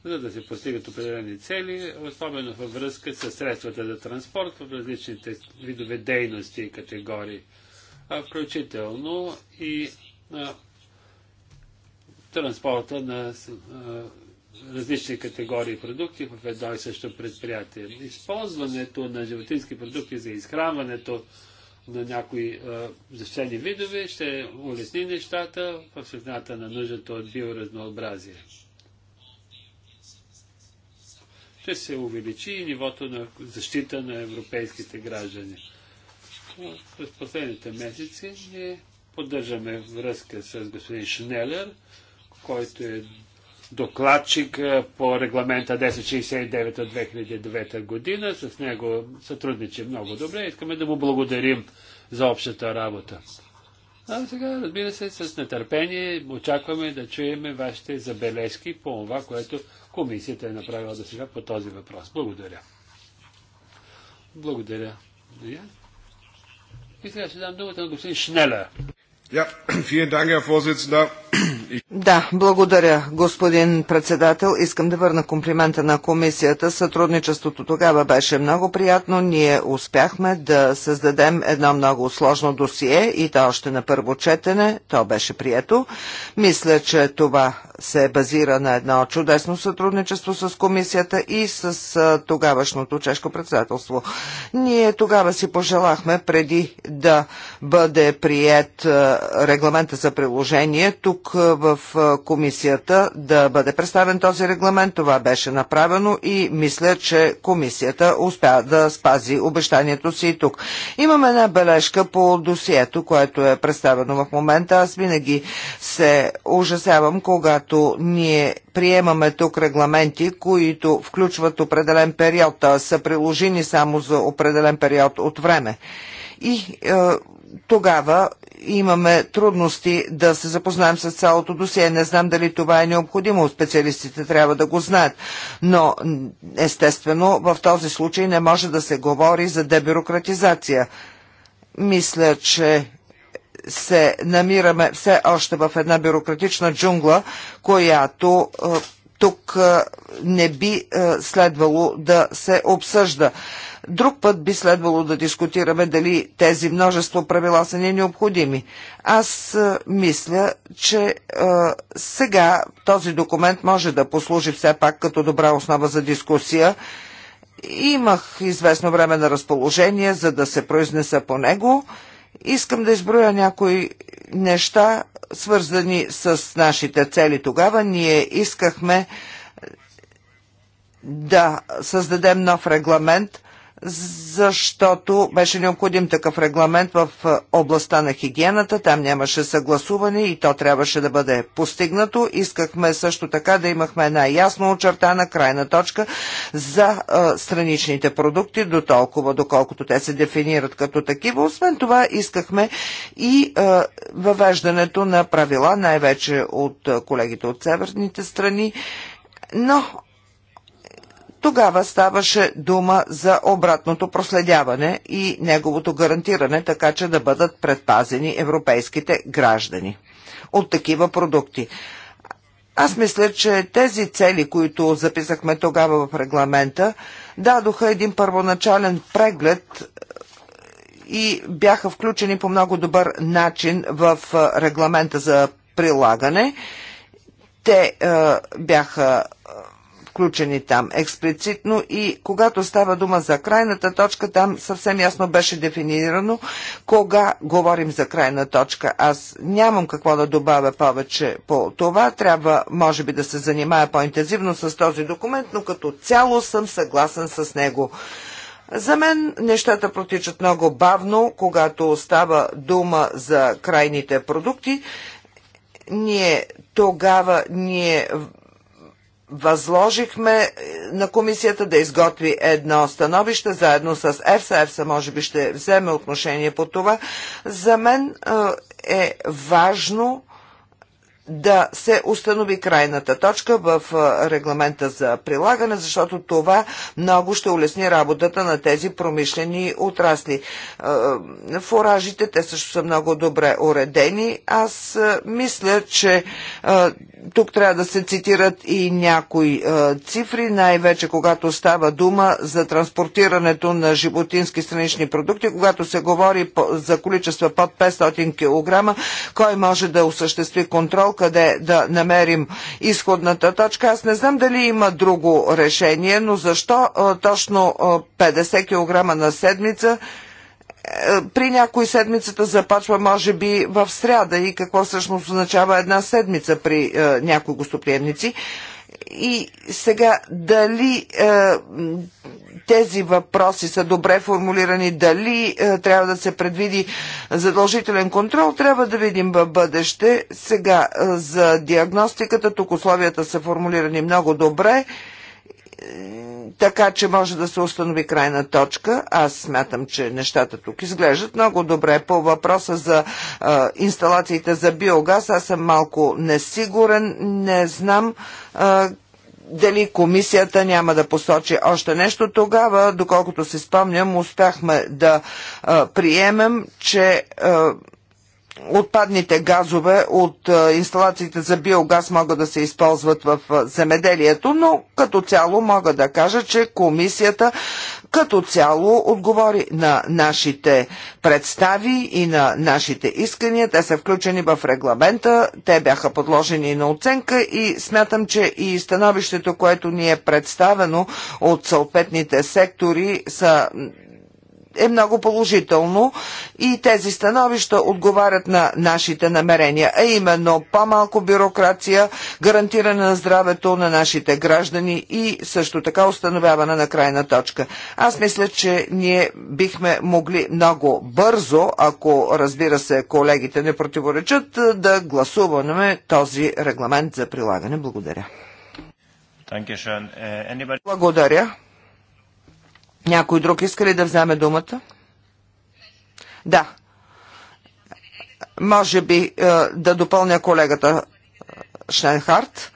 за да се постигат определени цели, особено във връзка с средствата за транспорт в различните видове дейности и категории, включително и на транспорта на различни категории продукти в едно и също предприятие. Използването на животински продукти за изхранването на някои защитени видове ще улесни нещата в светната на нуждата от биоразнообразие ще се увеличи и нивото на защита на европейските граждани. През последните месеци ние поддържаме връзка с господин Шнелер, който е докладчик по регламента 1069 от 2009 година. С него сътрудничи много добре. Искаме да му благодарим за общата работа. А сега, разбира се, с нетърпение очакваме да чуем вашите забележки по това, което комисията е направила до сега по този въпрос. Благодаря. Благодаря. И сега ще дам думата на господин Шнелер да, благодаря, господин председател. Искам да върна комплимента на комисията. Сътрудничеството тогава беше много приятно. Ние успяхме да създадем едно много сложно досие и то още на първо четене. То беше прието. Мисля, че това се базира на едно чудесно сътрудничество с комисията и с тогавашното чешко председателство. Ние тогава си пожелахме преди да бъде прият регламента за приложение тук в комисията да бъде представен този регламент. Това беше направено и мисля, че комисията успя да спази обещанието си и тук. Имаме една бележка по досието, което е представено в момента. Аз винаги се ужасявам, когато ние приемаме тук регламенти, които включват определен период, а са приложени само за определен период от време. И е, тогава имаме трудности да се запознаем с цялото досие. Не знам дали това е необходимо. Специалистите трябва да го знаят. Но, естествено, в този случай не може да се говори за дебюрократизация. Мисля, че се намираме все още в една бюрократична джунгла, която е, тук е, не би е, следвало да се обсъжда. Друг път би следвало да дискутираме дали тези множество правила са ни необходими. Аз е, мисля, че а, е, сега този документ може да послужи все пак като добра основа за дискусия. Имах известно време на разположение, за да се произнеса по него. Искам да изброя някои неща, свързани с нашите цели тогава. Ние искахме да създадем нов регламент, защото беше необходим такъв регламент в е, областта на хигиената. Там нямаше съгласуване и то трябваше да бъде постигнато. Искахме също така да имахме една ясно очертана крайна точка за а, е, страничните продукти, до толкова, доколкото те се дефинират като такива. Освен това, искахме и а, е, въвеждането на правила, най-вече от колегите от северните страни, но тогава ставаше дума за обратното проследяване и неговото гарантиране, така че да бъдат предпазени европейските граждани от такива продукти. Аз мисля, че тези цели, които записахме тогава в регламента, дадоха един първоначален преглед е, и бяха включени по много добър начин в е, регламента за прилагане. Те е, бяха е, включени там експлицитно и когато става дума за крайната точка, там съвсем ясно беше дефинирано кога говорим за крайна точка. Аз нямам какво да добавя повече по това. Трябва, може би, да се занимая по-интензивно с този документ, но като цяло съм съгласен с него. За мен нещата протичат много бавно, когато става дума за крайните продукти. Ние тогава ние възложихме е, на комисията да изготви едно становище заедно с ЕФСА. ЕФСА може би ще вземе отношение по това. За мен е, е важно да се установи крайната точка в регламента за прилагане, защото това много ще улесни работата на тези промишлени отрасли. Фуражите, те също са много добре уредени. Аз мисля, че тук трябва да се цитират и някои цифри, най-вече когато става дума за транспортирането на животински странични продукти, когато се говори за количество под 500 кг, кой може да осъществи контрол, къде да намерим изходната точка. Аз не знам дали има друго решение, но защо точно 50 кг на седмица? Е, при някои седмицата започва, може би, в сряда и какво всъщност означава една седмица при е, някои гостоприемници. И сега, дали е, тези въпроси са добре формулирани, дали е, трябва да се предвиди задължителен контрол, трябва да видим в бъдеще. Сега, е, за диагностиката, тук условията са формулирани много добре така че може да се установи крайна точка. Аз смятам, че нещата тук изглеждат много добре. По въпроса за а, инсталациите за биогаз, аз съм малко несигурен, не знам а, дали комисията няма да посочи още нещо. Тогава, доколкото се спомням, успяхме да а, приемем, че а, отпадните газове от инсталациите за биогаз могат да се използват в земеделието, но като цяло мога да кажа, че комисията като цяло отговори на нашите представи и на нашите искания. Те са включени в регламента, те бяха подложени на оценка и смятам, че и становището, което ни е представено от съответните сектори са е много положително и тези становища отговарят на нашите намерения, а именно по-малко бюрокрация, гарантиране на здравето на нашите граждани и също така установяване на крайна точка. Аз мисля, че ние бихме могли много бързо, ако разбира се колегите не противоречат, да гласуваме този регламент за прилагане. Благодаря. Е, Благодаря. Някой друг иска ли да вземе думата? Да. Може би е, да допълня колегата е, Шненхарт.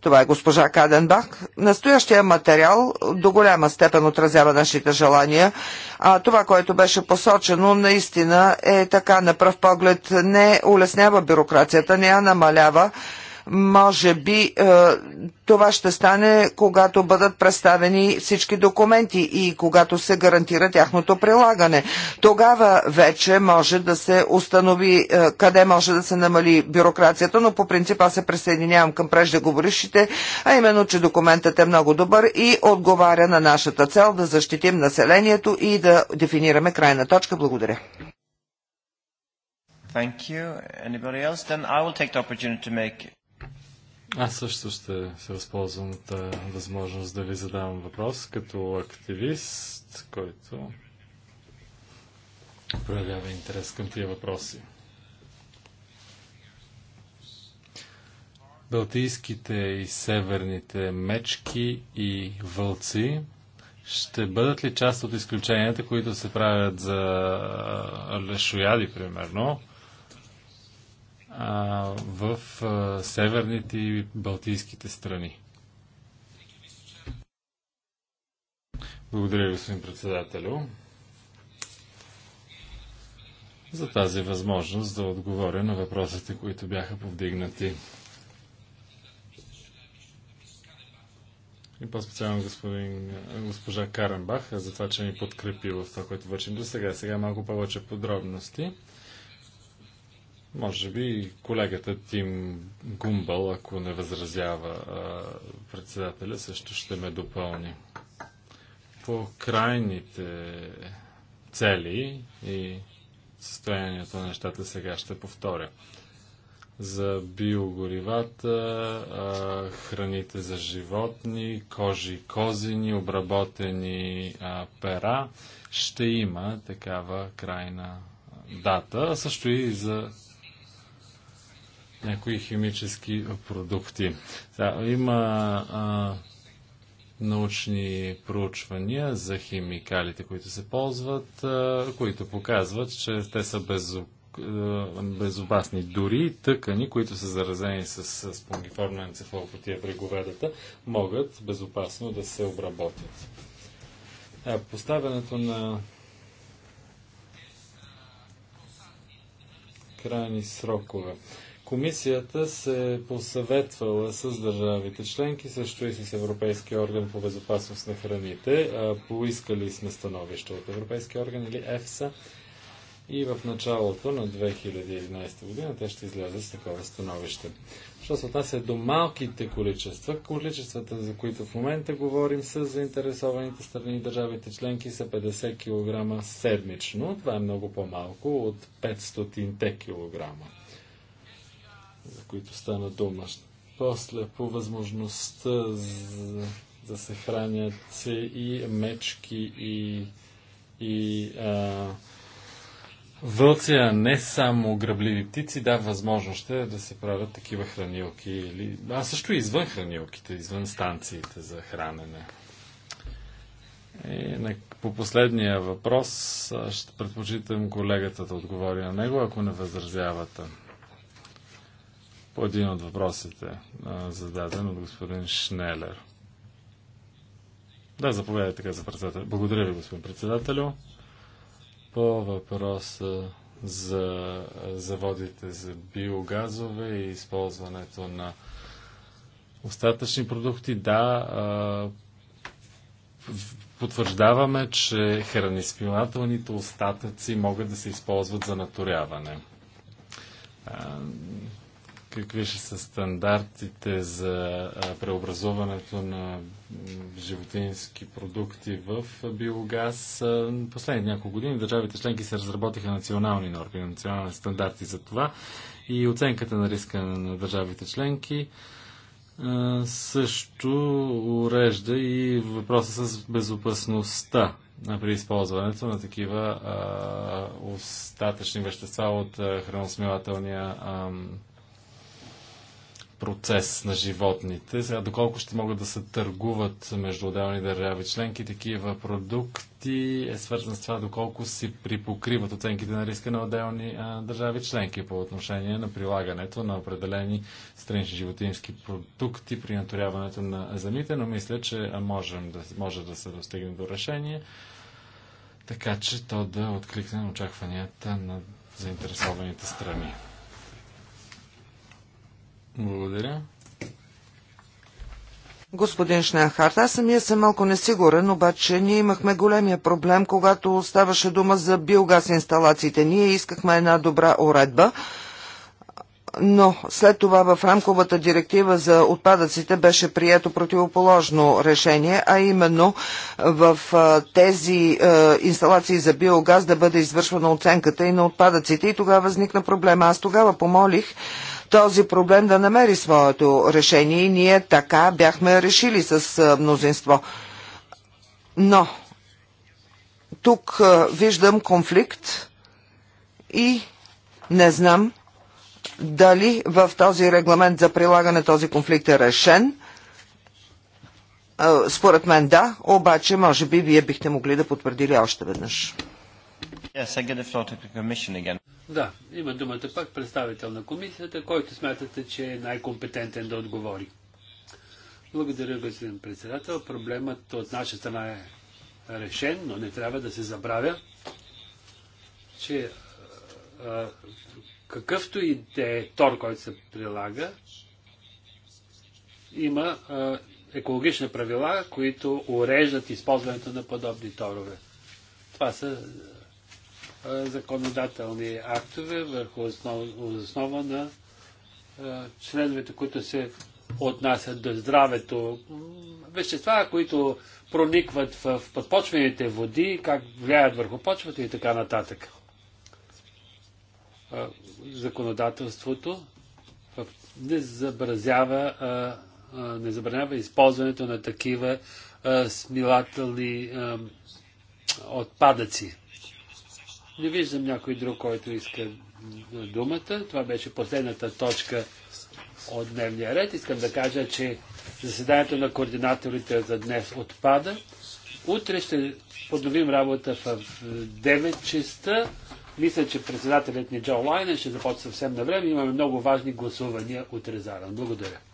Това е госпожа Каденбах. Настоящия материал до голяма степен отразява нашите желания. А това, което беше посочено, наистина е така на пръв поглед не улеснява бюрокрацията, не я намалява може би е, това ще стане, когато бъдат представени всички документи и когато се гарантира тяхното прилагане. Тогава вече може да се установи е, къде може да се намали бюрокрацията, но по принцип аз се присъединявам към преждеговорившите, а именно, че документът е много добър и отговаря на нашата цел да защитим населението и да дефинираме крайна точка. Благодаря. Thank you. Anybody else? Then I will take the opportunity to make аз също ще се възползвам от възможност да ви задавам въпрос като активист, който проявява интерес към тия въпроси. Балтийските и северните мечки и вълци ще бъдат ли част от изключенията, които се правят за лешояди, примерно, в северните и балтийските страни. Благодаря, господин председателю, за тази възможност да отговоря на въпросите, които бяха повдигнати. И по-специално господин, госпожа Каренбах за това, че ни подкрепи в това, което вършим до сега. Сега малко повече подробности. Може би колегата Тим Гумбъл, ако не възразява председателя, също ще ме допълни. По крайните цели и състоянието на нещата сега ще повторя. За биогоривата, храните за животни, кожи, и козини, обработени пера, ще има такава крайна дата, а също и за някои химически продукти. Да, има а, научни проучвания за химикалите, които се ползват, а, които показват, че те са безопасни безопасни. Дори тъкани, които са заразени с спонгиформна енцефалопатия при говедата, могат безопасно да се обработят. А, поставянето на крайни срокове. Комисията се посъветвала с държавите членки, също и с Европейския орган по безопасност на храните. Поискали сме становище от Европейския орган или ЕФСА и в началото на 2011 година те ще излязат с такова становище. Що се отнася до малките количества, количествата, за които в момента говорим, с заинтересованите страни и държавите членки са 50 кг седмично. Това е много по-малко от 500 кг за които стана дума. После по възможността за, да се хранят и мечки, и, и а, вълци, а не само грабливи птици, да, възможност ще е да се правят такива хранилки. Или... А също и извън хранилките, извън станциите за хранене. И по последния въпрос ще предпочитам колегата да отговори на него, ако не възразявате по един от въпросите, зададен от господин Шнелер. Да, заповядайте така за председател. Благодаря ви, господин председателю. По въпроса за заводите за биогазове и използването на остатъчни продукти, да, потвърждаваме, че храниспилателните остатъци могат да се използват за наторяване какви ще са стандартите за преобразуването на животински продукти в биогаз. Последните няколко години държавите членки се разработиха национални норми, национални стандарти за това и оценката на риска на държавите членки също урежда и въпроса с безопасността при използването на такива а, остатъчни вещества от а, храносмилателния а, процес на животните. Сега, доколко ще могат да се търгуват между отделни държави членки такива продукти, е свързан с това доколко си припокриват оценките на риска на отделни а, държави членки по отношение на прилагането на определени странични животински продукти при натуряването на земите, но мисля, че можем да, може да се достигне до решение, така че то да откликне на очакванията на заинтересованите страни. Благодаря. Господин Шнехарт, аз самия съм малко несигурен, обаче ние имахме големия проблем, когато ставаше дума за биогаз инсталациите. Ние искахме една добра уредба, но след това в рамковата директива за отпадъците беше прието противоположно решение, а именно в тези е, инсталации за биогаз да бъде извършвана оценката и на отпадъците и тогава възникна проблема. Аз тогава помолих този проблем да намери своето решение и ние така бяхме решили с мнозинство. Но тук виждам конфликт и не знам дали в този регламент за прилагане този конфликт е решен. Според мен да, обаче може би вие бихте могли да потвърдили още веднъж. Да, има думата пак представител на комисията, който смятате, че е най-компетентен да отговори. Благодаря, господин председател. Проблемът от наша страна е решен, но не трябва да се забравя, че а, какъвто и да е тор, който се прилага, има а, екологични правила, които уреждат използването на подобни торове. Това са законодателни актове върху основ, основа на членовете, които се отнасят до здравето. Вещества, които проникват в подпочвените води, как влияят върху почвата и така нататък. Законодателството не забразява не забранява използването на такива смилателни отпадъци. Не виждам някой друг, който иска думата. Това беше последната точка от дневния ред. Искам да кажа, че заседанието на координаторите за днес отпада. Утре ще подновим работа в 9 часа. Мисля, че председателят ни Джо Лайнен ще започне съвсем на време. Имаме много важни гласувания утре заран. Благодаря.